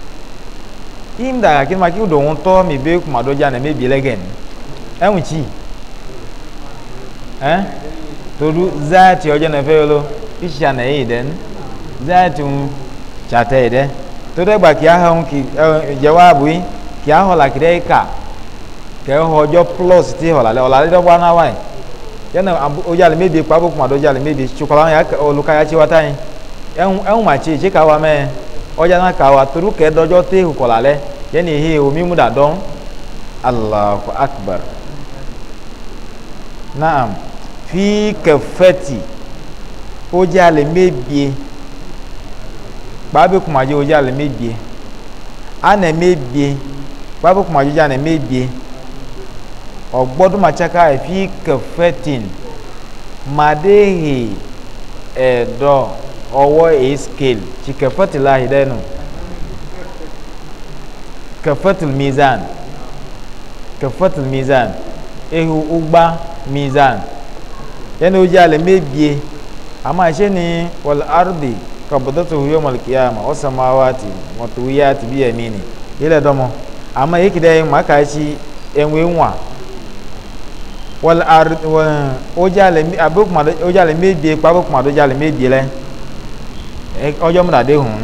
Speaker 1: im da kí ni ma kí o dò ń tọ́ mi bẹ́ẹ̀ kùmà dọ́jà náà mẹ́bi lẹ́gẹ̀ ni ẹ̀hún tsi ẹ̀ todu zaati ọjọ́ náà fẹ́ yọlọ ìṣà náà yìí dẹ́n zaati de tsàtẹ́ yìí dẹ́ todu ẹgbà e kí a hàn kí ẹ e, jẹ́wọ́ àbò yìí kí a hàn làkìrẹ́ yìí kà kẹ́ ẹ̀ ọjọ́ plus ti hàn lálẹ́ ọ̀là lẹ́dọ̀ wà náà wáyé yẹ́nà ọjà lè mẹ́bi kpabó kùmà dọ́jà lè mẹ́bi tsukwala ọlùkà yà tsi wá táyé ẹ̀hún ẹ̀hún mà tsi tsi ká wà mẹ́ẹ̀ ɔdza na ka wa toro kɛ dɔdzɔ te kɔ la lɛ yɛni he omi mu da dɔn alahu akbar naam fi kɛfɛti ɔdza le me bie gbabe kumadze ɔdza le me bie anɛ me bie gbabe kumadze ɔdza anɛ me bie ɔgbɔdumatsaka fi kɛfɛtin madehe ɛdɔ. E ọwọ́ èyí scale ti kẹfẹ́tìláhì dẹ́nu kẹfẹ́tìl mizan kẹfẹ́tìl mizan ehu ugba mizan yẹn o jẹ́ alẹ́ mẹ́bìẹ́ àmọ́ àṣẹ ni wọ́n ardi kọ̀bọ̀dọ́tò huyọ́ mọ̀lìkìyàmà ọ̀sán máa wá ti mọ̀tòwúyà ti bí ẹ̀mí ni ilẹ̀ dọ́mọ́ àmọ́ èyí kìdá yẹn màkà ṣí ẹ̀wẹ̀ wà wọ́n ardi wọ́n o jẹ́ alẹ́ mẹ́bìẹ́ pàbó kùmàdó jẹ́ alẹ́ mẹ́bìẹ́ lẹ́yìn ọjọ́ múra dé hùn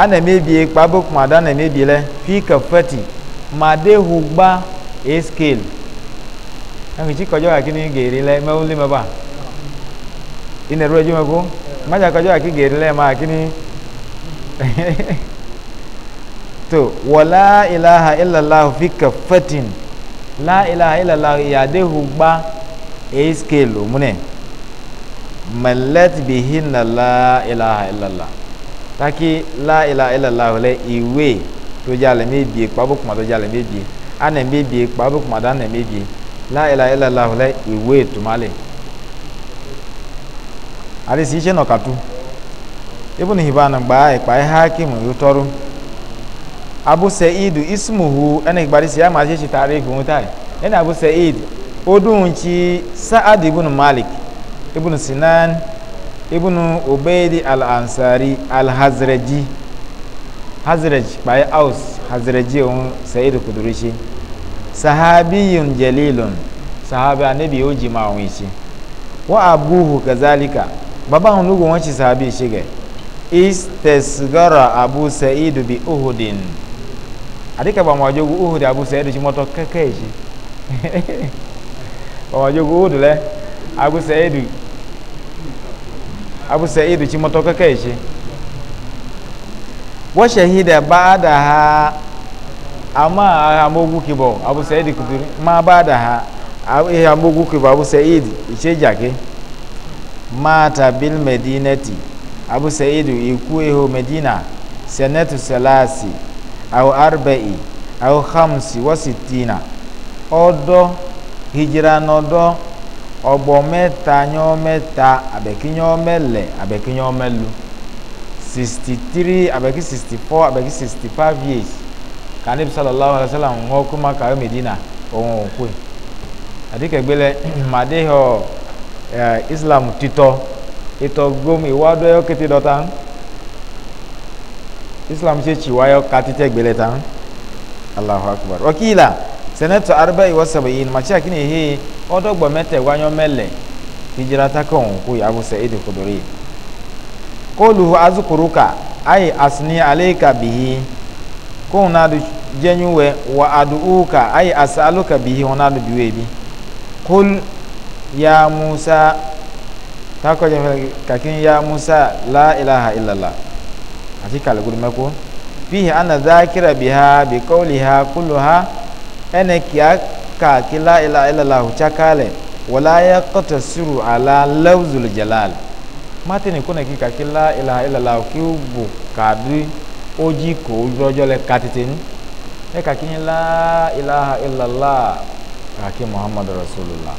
Speaker 1: ana mebie kpabo kuma da na mebie lɛ fi kafati ma de ho gba a scale ɛnfi tsi kɔjɔ kaki ni geere lɛ mɛwo lé mɛ ba ina ru ɛdzo mɛ ko madza kɔjɔ kaki geere lɛ ma kaki ni to wala ilaha illallah fi kafatin la ilaha illallah ya de ho gba a scale mẹlẹt bihin na la ilaha illallah taki la ilaha illallah lẹ ìwé tó dza lẹ mébìé kpabu kuma tó dza lẹ mébìé anẹ mébìé kpabu kuma tó anẹ mébìé la ilaha illallah lẹ ìwé tuma lẹ alisi itse nọ katu ibu ni hibana gbaa ikpa ihe hakimu yutọru abu sa'id ismuhu ẹni gbari si ama ṣe ṣe taari igun tai ẹni abu sa'id odun ci sa'ad ibn malik Ibn sinan Ibn ubaidi al-ansari al-hazraji hazraj bayi aus hazraji ohun sayidu kudurishi sahabiyun jalilun sahabi anabi yóò jì máa wọn ṣe abuhu kazalika baba ahun lógun wọn sahabi shige. Istesgara abu sayidu bi uhudin adika ba mawajogu uhud abu sayidu ṣe mọtọ kẹkẹ ṣe ba mawajogu uhud lẹ abu sayidu abu sa'idu ci mato ka kai shi wa shahida ba da ha amma a hamogu ki bo abu sa'idu kuduri ma ba da ha a hamogu ki bo abu sa'idu ice jake mata bil medinati abu sa'idu iku eho medina sanatu salasi au arba'i au khamsi wa sittina ọdọ hijira n'ọdọ ọgbọ mẹta nyọ mẹta abẹki nyọ mẹlẹ abẹki nyọ mẹlu sixty three abẹki sixty four abẹki sixty five years kanib sallallahu alayhi wa sallam ŋɔ kuma kawe medina ohun okoe adikegbe lɛ made hɔ ɛ islam titɔ itɔ gom iwa do kete dɔ islam tse tsi wa yɔ katitɛ gbelɛ tan Allahu akbar wakila senator arba iwa sabayin machi akini he odo gbo mete wanyo mele hijira ta kan ku ya abu sa'id khudri qulu azkuruka ay asni alayka bihi kuna du jenyuwe wa aduuka ay asaluka bihi ona du biwe bi qul ya musa tako je kakin ya musa la ilaha illallah atika algurmeko fihi ana dhakira biha bi biqawliha kulluha ene kia ka kila ila ila la uchakale wala ya kota suru ala lawzul jalal mati ni kuna kika kila ila ila la kiubu kadri oji ko ujojo le katitin e ka kini la ilaha illa allah ka ki muhammad rasulullah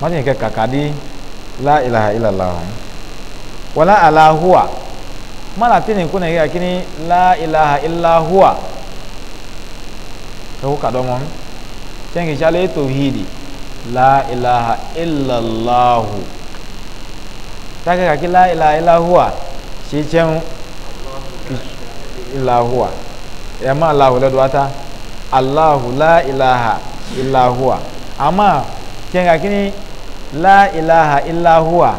Speaker 1: mati ni kika kadi la ilaha illa allah wala ala huwa mala tini kuna kika kini la ilaha illa huwa fɛkɔ kadɔmɔ kyɛnke kyɛ ale tauhidi la ilaha illallah. take kaki la ilaha illahua tsi tsɛŋu illahua ɛma allahu lɛ do ata allahu la ilaha illahua ama ah. ah, kyɛnke kaki ni la ilaha illahua ah.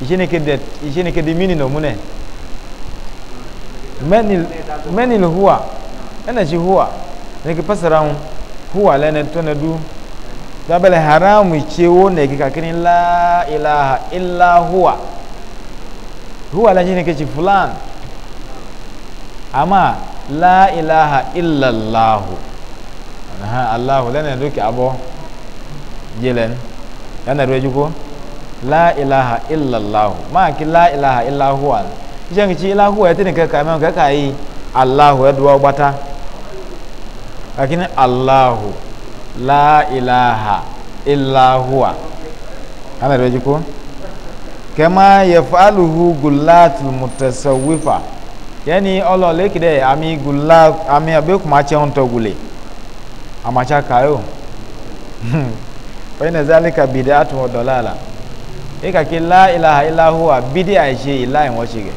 Speaker 1: ishini ke dimini no mune menil huwa ɛna tsi huwa neke pasara ŋu huwa lɛ ne tɔ ne du dabe le haramu tse wo ne ke kakiri la ilaha illa huwa huwa lɛ tse ne ke tsi fulan ama la ilaha illa Allah, aha allahu lɛ du ke abɔ jelen lɛ ne du edu e ko la ilaha illa allahu maa ki la ilaha illa huwa tse ne ke tsi illa huwa yɛ e te ne ke ka mɛ ke ka yi allahu ɛdu e lakini allahu la ilaha illa huwa ana da ko kama yaf'aluhu gullatul mutasawwifa yani olo lekide ami gullat ami abe kuma ce on to gule amacha kayo fa ina zalika bid'atu wa dalala e ka ki la ilaha illa huwa bid'a ishe ila in washige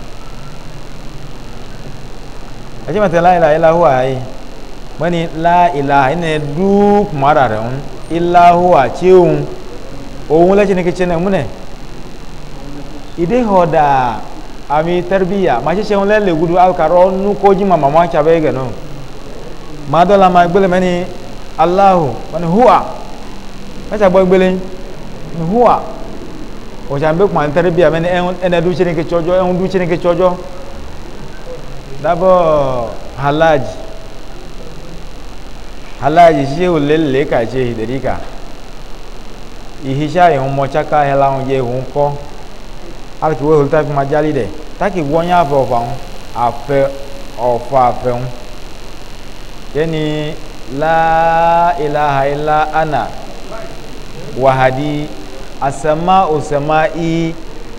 Speaker 1: aje mata la ilaha illa huwa ai mani la ilaha ina duk marare un illa huwa ciun ohun lati ni kice ne mune ide hoda ami tarbiya ma ce ceun lele gudu alkaro nu ko jima mama cha be ga no ma dola ma gbele mani allahu mani huwa ma cha gbo gbele ni huwa o ja mbe kuma tarbiya mani ene du chini ke chojo en du chini ke chojo dabo halaji alaji shehu lele ka shehi derika ihisha ihun mochaka hela hun ye hun ko alki we hulta fi majali de taki wonya afe ofa hun afe ofa afe hun yani la ilaha illa ana wahadi asama usama'i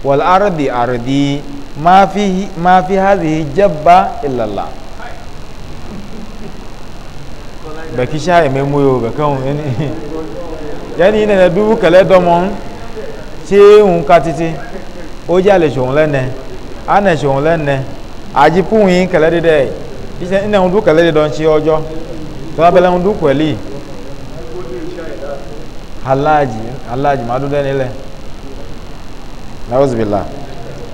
Speaker 1: wal ardi ardi ma fi ma fi hadhihi jabba illa baki sha eme moyo bakan yani yani ina na dubu kale domo che un katiti o ja le shon lene ana shon lene aji pun yin kale de de ise ina un du kale de don chi ojo to abele un du kweli halaji halaji madu de nile nauzu billah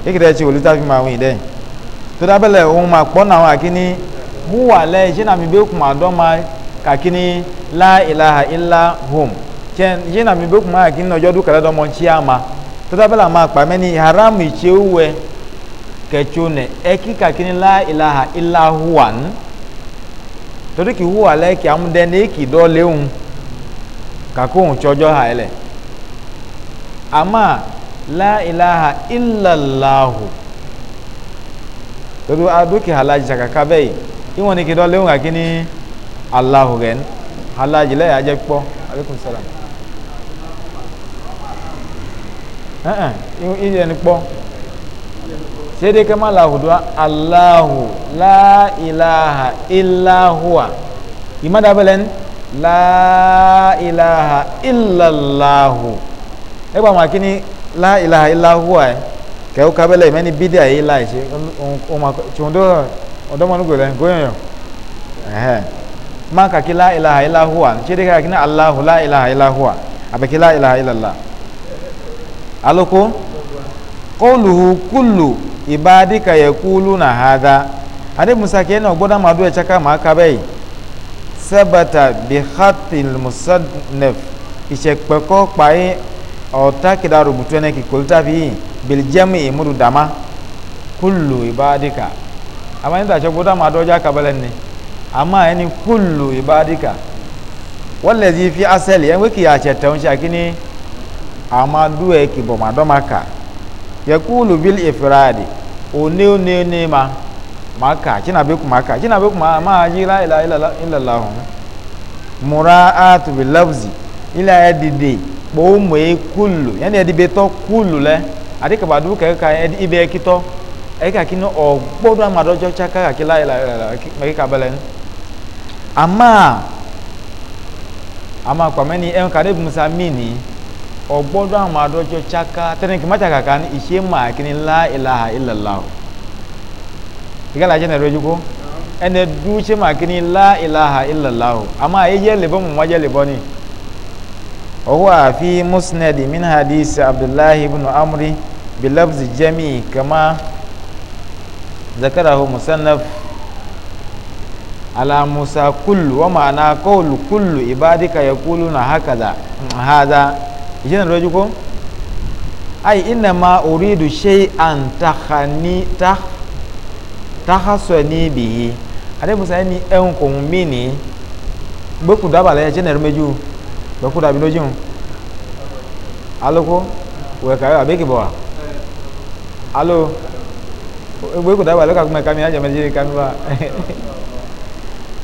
Speaker 1: ikide chi olita fi ma win de to dabele un ma pona wa kini mu wa le se na mi be kun adoma kakini la ilaha illa hum tiɛn yina mi bɛ kuma kakini nɔjɔ du kɛlɛ dɔ mɔ ntsi ama bela ma kpa mɛ ni haramu itsewu wɛ kɛtso nɛ ɛki kakini la ilaha illa huwan torí kì í hu alẹ́ kì í amúdẹ́ ní kì í dọ́ léwu kakó ń tsɔjɔ ha yɛ lɛ ama la ilaha illallahu tɔtɔ aduki halaji tsaka kabɛ yi iwɔni kì í dɔ léwu kakini. Allahu gen alaji lẹ́yìn ajẹ́ pọ́ aleykum salam ìyẹn ni pọ́ sede kama lahudu Allahu la ilaha illahuwa imadabelen la ilaha illallahu ẹgbà wọn akíní la ilaha illahuwa ẹ kẹwọ kabẹlẹ ìmẹni bídíà yìí láì ṣe ọdọmọdún gbẹlẹ góyọyọ ẹhẹn. Maka kila ilaha illa huwa ce dai ka kina allahu la ilaha illa huwa abe kila ilaha illa allah aloko qawluhu kullu ibadika yaquluna hadha hadi musa ke na gboda madu e chaka ma ka bai sabata bi khatil musannaf ise peko pae ota kidaru mutene ki kulta bi bil jami mudu dama kullu ibadika amani da chogoda madu ja kabalen amma yani kullu ibadika wallazi fi asali yan wiki ya cetta shi akini amma duwa yake bo ma domaka yaqulu bil ifradi one one ne ma maka kina be kuma maka kina be kuma ma ji la ilaha illa illallah mura'atu bil lafzi ila yadide bo mo e kullu yani yadibe to kullu le adika badu ka ka ibe kito e ka kino ogbodo amadojo chaka ka kila ila ila ka belen ama ama kwameni enkade musa mini ọgbọdọ àwọn adọjọ chaka tẹnikì mátàkàkà ní ìṣe máa kí ni láìláha ìlàláhù ìgbàlá jẹ́ nàìjíríà ojúkó ẹni dú ṣe máa kí ni láìláha ìlàláhù o ama jẹ́ lèbọ́n mọ́ jẹ́ lèbọ́n ni. ọwọ́ àfi musnad min hadith abdullahi ibn amri bilabzi jami kama zakarahu musannaf ala musa kullu wa ma'ana qawlu kullu ibadika yaquluna hakaza hadha ijana roju ko ai inna ma uridu shay'an takhani takh tahasani bihi ade musa ni en ko mini gbe ku daba le ijana roju gbe ku dabi roju aloko we ka abi ke bo alo gbe ku daba le ka kuma kami aja meje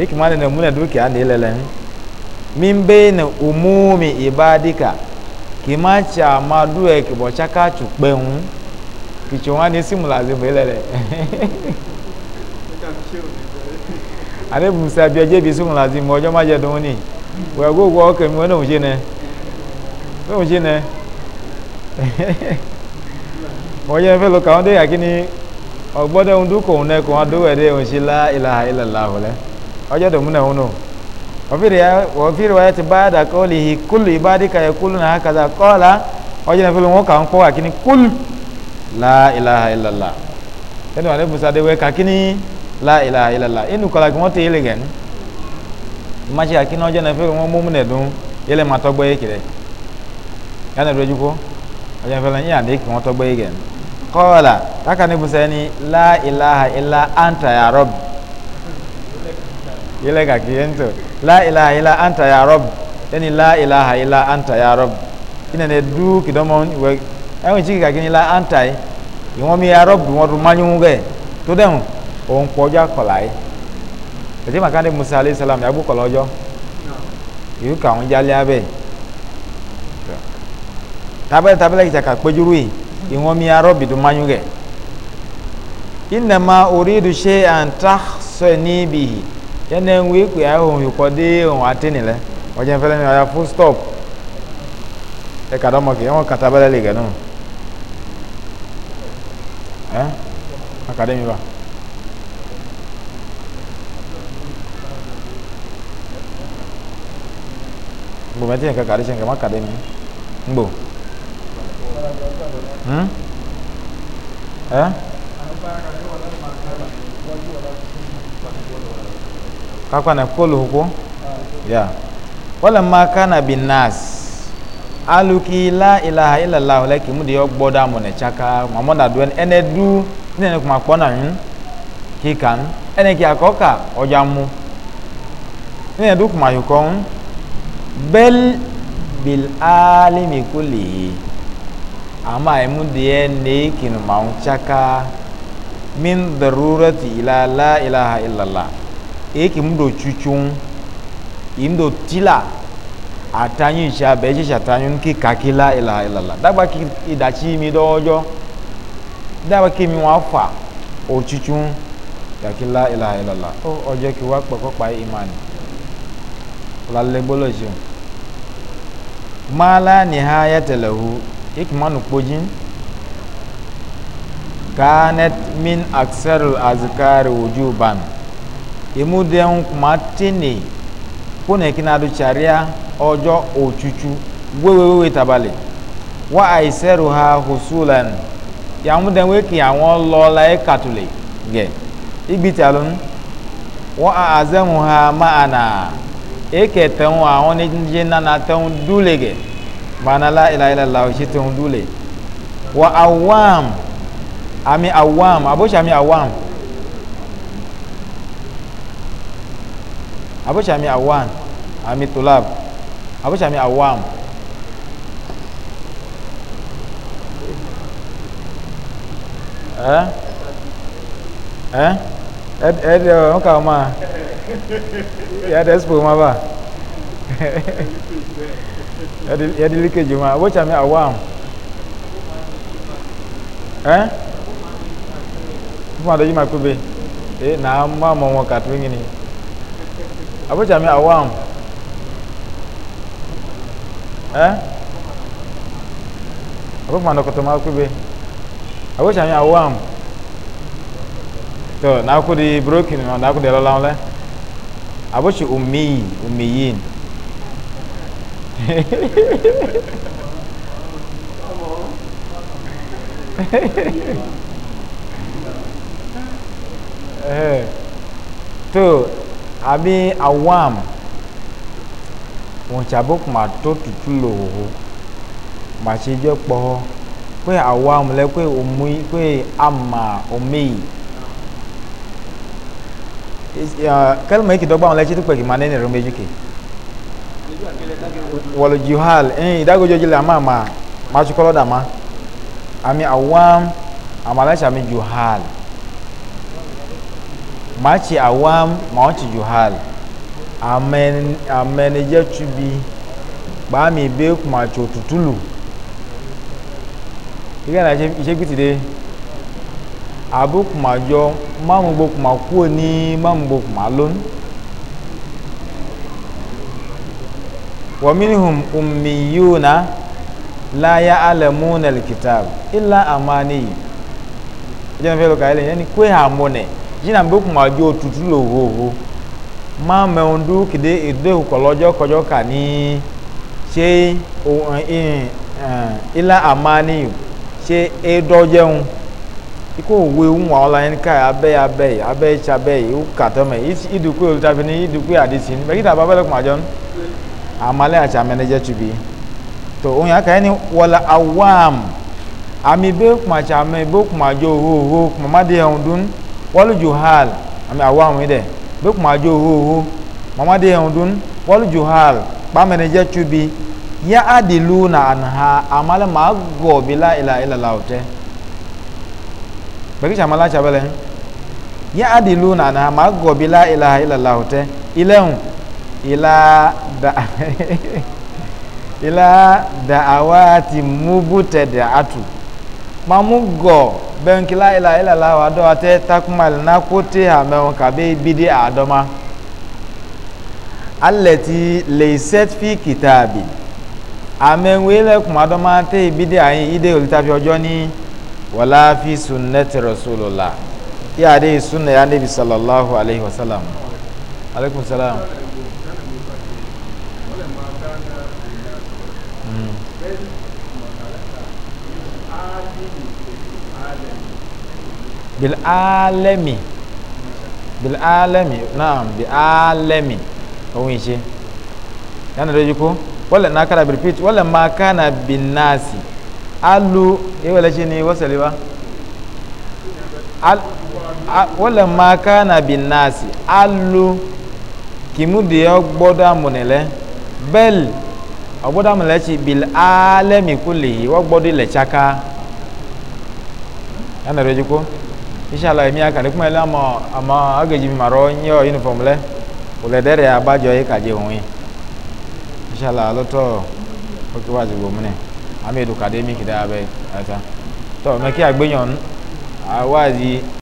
Speaker 1: hikima ne muna dukiya ne lalamin min bayna umumi ibadika kima cha maduwe kibocha ka chukpenwu kichwa ni simu lazima ilele ale musa bi je bi simu lazima ojo ma je don ni we go go ke mi wona o je ne o je akini ogbodo undu ko ne ko adowe de onshila se la ilaha illallah le ọjọ́ dòmú náà wọn o wọ́fíìrì wáyé ti bá dà kọ́ lè hi kúlù ìbádìíkà yẹ kúlù náà kàdà kọ́ọ̀lá ọjọ́ náà fẹ́lẹ́ wọn kà ń kọ́ wà kíní kúlù láìláha ìlàlá ẹni wà ní musadé wẹ́ kà kíní láìláha ìlàlá inú kọ́lá kí wọ́n ti yẹlẹ̀ gẹ̀ ní. mmachi kà kíní ọjọ́ náà fẹ́lẹ́ wọn mú múnẹ̀ dùn yẹlẹ̀ máa tọ́gbọ́ yé kìrẹ́ yánà dúró jùkú ọjọ́ náà fẹ́lẹ́ yíyàn dé yele ka ki la ilaha ila anta ya rob yani la ilaha illa anta ya rob ina ne du ki we e chiki ka kini la anta e. yi won mi ya rob won ru manyu ge to de on po kolai e je makande musa alayhi salam ya bu kolojo yu ka won jale abe tabe tabe la ki ta ka pejuru yi won mi ya rob du manyu ge inna ma uridu shay'an tahsani bihi yẹn ń wí pé àwọn ohun ìkọ́ dé ohun àtẹ́nì lẹ ọjọ́ ìfẹ́lẹ́ mi ọ̀ya full stop ẹ kàdá ọmọ kì í wọn kàtà abẹ́lẹ́ lè gẹ̀ẹ́nù ẹ akadé mi bá. mbomɛti yɛn kaka adesiɛn kama kada mi mbo hmm ɛ. Eh? kakwa na kolo huko ya wala ma kana bin nas aluki la ilaha illallah laki mu de yo gboda mo ne chaka mamo na duen ene du ne ne kuma kpona hin ki kan ene ki akoka oja mu ne du kuma yo bel bil alimi kulli ama emu de ne kinu ma chaka min darurati ila la ilaha illallah eke mudo chuchun imdo tila atanyu isha beji shatanyu nki kakila ila ilala dagba ki idachi mi dojo dagba ki mi wa fa ochuchun kakila ila ilala o ojo ki wa poko pa imani la le bolo jun mala nihayatalahu ikmanu pojin kanat min aksarul azkar wujuban emu emudeun kuma tene kone kina do charia ojo ochuchu wewewe le wa aiseru ha husulan ya muden we ki awon lo la e katule ge igbitalun wa azamu ha ana eke tan awon ni je nana tan dule ge mana la ilaha illallah shi tan dule wa awam ami awam abosha ami awam abóṣàmì awan àmì tolab abóṣàmì awam Eh? Eh? Ed, ed, wọn kà ọmọ
Speaker 2: Ya, dẹ sípò ọmọ
Speaker 1: Ya, yà dé líkejì ọmọ abóṣàmì awam ẹ fún àdójú màkúbe ẹ nà á mọ àmọ wọn kàtó yìí ni abújá mi àwọ àrùn ẹ́ abújá mi àkọ́tọ̀ máa kúbe abújá mi àwọ àrùn tó nàákú di broken náà nàákú di ẹlọ́lá ńlẹ́ abújá omiyin eh, omiyin tó abi awam wọn tsa bó kuma tó tutu lò wò mà tsi dzo kpɔ kó awam lɛ kó omui kó ama omei kẹlẹmọ yìí kì dọgba wọn lẹ tsi tó kpɛkì ma nẹni rẹ méjì kì wọlé juhal ẹn ìdágójó jìlẹ àmà ma ma tsi kọlọ dàmà àmì awam àmàlẹ́sàmì juhal machi awam machi juhal amen amen je chubi ba mi be kuma tutulu iga na ise de abu kuma jo mamu gbo kuma kuo ni mamu gbo kuma lon wa minhum ummiyuna la ya'lamuna alkitab illa amani je na fe lo ka ile yani kwe hamone jina mbe kuma jo tutu lo wo ma me ondu kide ide ukolojo kojo ka se o in eh, eh, eh, ila amani se e dojeun iko we un wa ola en ka abe abe abe cha be u ka to me idu ko ta fini idu ko adisin be kita babele kuma jon amale acha manager to be to o ya ka ni wala awam ami be kuma cha me be kuma jo ho ho kuma de ondun wọ́lù juhal àmì àwọ̀ àwọn ìdẹ̀ bí kò máa jó hóhó mọ̀mọ́dé ẹ̀hún dún wọ́lù juhal pàmẹ́rin jẹ́ túbi yá àdìlú nà àná àmàlẹ́ màá gọ̀ bí láìlà ìlàlà ọ̀tẹ́ bẹ́ẹ̀ kí sàmàlà sàbẹ̀lẹ̀ yá àdìlú nà àná màá gọ̀ bí láìlà ìlàlà ọ̀tẹ́ ilẹ̀hùn ìlà dà ti mú bùtẹ̀ àtù màá mú gọ̀ bɛnki la ila ila la wa dɔ atɛ takumali na kote hamɛwɔn kabe bidi adɔma alɛti leisɛt fi kitaabi amɛnwe lɛ kuma dɔma te bidi anyi ide olutafi ɔjɔ ni wala fi sunnɛti rasulula yaade sunna ya nebi sallallahu alayhi wa sallam aleykum salaam. Mm. Bilalemi, Bilalemi, naam Bilalemi, ohun ìṣe yánà lójú wale wọ́lẹ̀ náà kára bìrìpìt wọ́lẹ̀ máa kánà bìnnáàsì alu ewele ṣe ni wọ́sẹ̀lẹ̀ wale wọ́lẹ̀ máa kánà bìnnáàsì alu kìmúdìí ọgbọ́dọ̀ amúnilẹ̀ bẹ́ẹ̀lì ọgbọ́dọ̀ amúnilẹ̀ ṣe bil'alami kúlè yìí wọ́gbọ́dọ̀ ilẹ̀ ṣaka yánà lójú kó inshallah mi aka de kuma ile ama ama agaji mi maro nye o oh uniform le ule dere abajo yi kaje hun yi inshallah loto oke wa zigo mune ami edu academic da abe ata to me ki agbeyan awazi